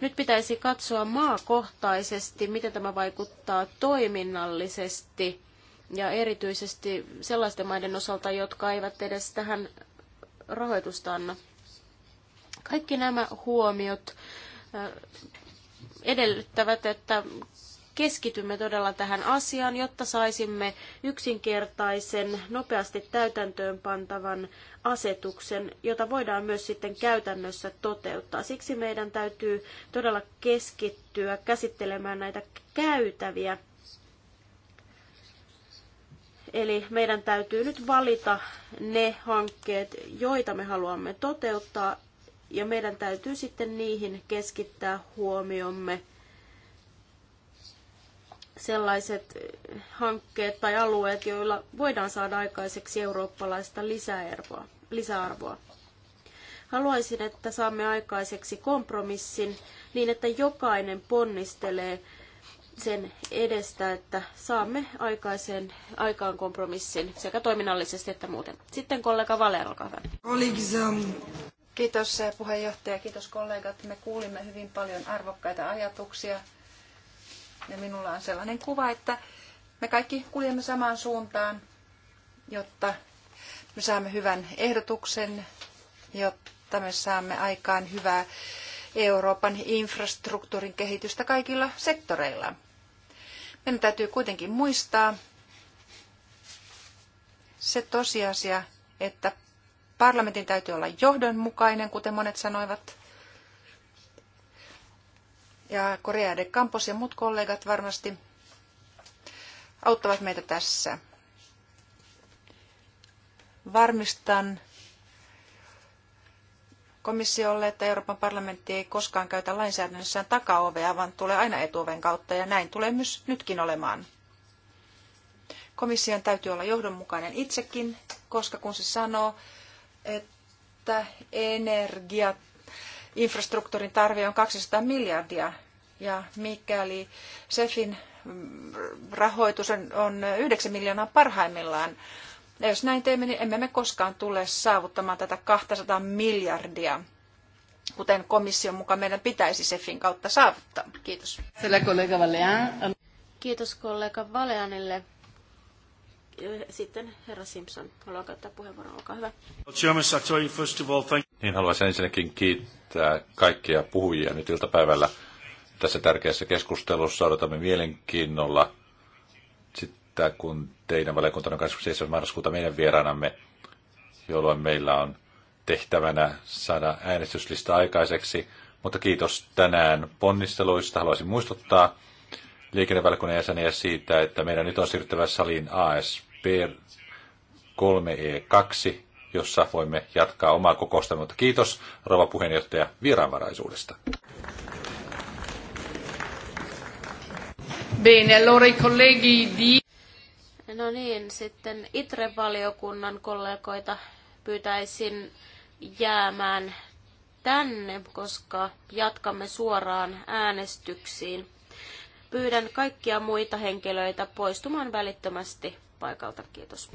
Nyt pitäisi katsoa maakohtaisesti, miten tämä vaikuttaa toiminnallisesti ja erityisesti sellaisten maiden osalta, jotka eivät edes tähän rahoitusta anna. Kaikki nämä huomiot edellyttävät, että keskitymme todella tähän asiaan, jotta saisimme yksinkertaisen, nopeasti täytäntöön pantavan asetuksen, jota voidaan myös sitten käytännössä toteuttaa. Siksi meidän täytyy todella keskittyä käsittelemään näitä käytäviä Eli meidän täytyy nyt valita ne hankkeet, joita me haluamme toteuttaa, ja meidän täytyy sitten niihin keskittää huomiomme sellaiset eh, hankkeet tai alueet, joilla voidaan saada aikaiseksi eurooppalaista lisäarvoa. lisäarvoa. Haluaisin, että saamme aikaiseksi kompromissin niin, että jokainen ponnistelee sen edestä, että saamme aikaisen, aikaan kompromissin sekä toiminnallisesti että muuten. Sitten kollega Valer, olkaa hyvä. Um, kiitos eh, puheenjohtaja, kiitos kollegat. Me kuulimme hyvin paljon arvokkaita ajatuksia ja minulla on sellainen kuva, että me kaikki kuljemme samaan suuntaan, jotta me saamme hyvän ehdotuksen, jotta me saamme aikaan hyvää Euroopan infrastruktuurin kehitystä kaikilla sektoreilla. Meidän täytyy kuitenkin muistaa se tosiasia, että parlamentin täytyy olla johdonmukainen, kuten monet sanoivat. Ja Korea de Campos ja muut kollegat varmasti auttavat meitä tässä. Varmistan komissiolle, että Euroopan parlamentti ei koskaan käytä lainsäädännössään takaovea, vaan tulee aina etuoven kautta ja näin tulee myös nytkin olemaan. Komission täytyy olla johdonmukainen itsekin, koska kun se sanoo, että energia infrastruktuurin tarve on 200 miljardia ja mikäli SEFin rahoitus on, 9 miljoonaa parhaimmillaan, ja jos näin teemme, niin emme me koskaan tule saavuttamaan tätä 200 miljardia, kuten komission mukaan meidän pitäisi SEFin kautta saavuttaa. Kiitos. Kiitos kollega Valeanille. Sitten herra Simpson, haluan käyttää puheenvuoron, olkaa hyvä. Niin haluaisin ensinnäkin kiittää kaikkia puhujia nyt iltapäivällä tässä tärkeässä keskustelussa. Odotamme mielenkiinnolla että kun teidän valiokuntanne 27. marraskuuta meidän vieraanamme, jolloin meillä on tehtävänä saada äänestyslista aikaiseksi, mutta kiitos tänään ponnisteluista. Haluaisin muistuttaa liikennevaliokunnan jäseniä siitä, että meidän nyt on siirryttävä saliin ASP 3E2, e jossa voimme jatkaa omaa kokousta. Mutta kiitos rouva puheenjohtaja vieraanvaraisuudesta. Bene, allora i colleghi di... No niin, sitten ITRE-valiokunnan kollegoita pyytäisin jäämään tänne, koska jatkamme suoraan äänestyksiin. Pyydän kaikkia muita henkilöitä poistumaan välittömästi paikalta. Kiitos.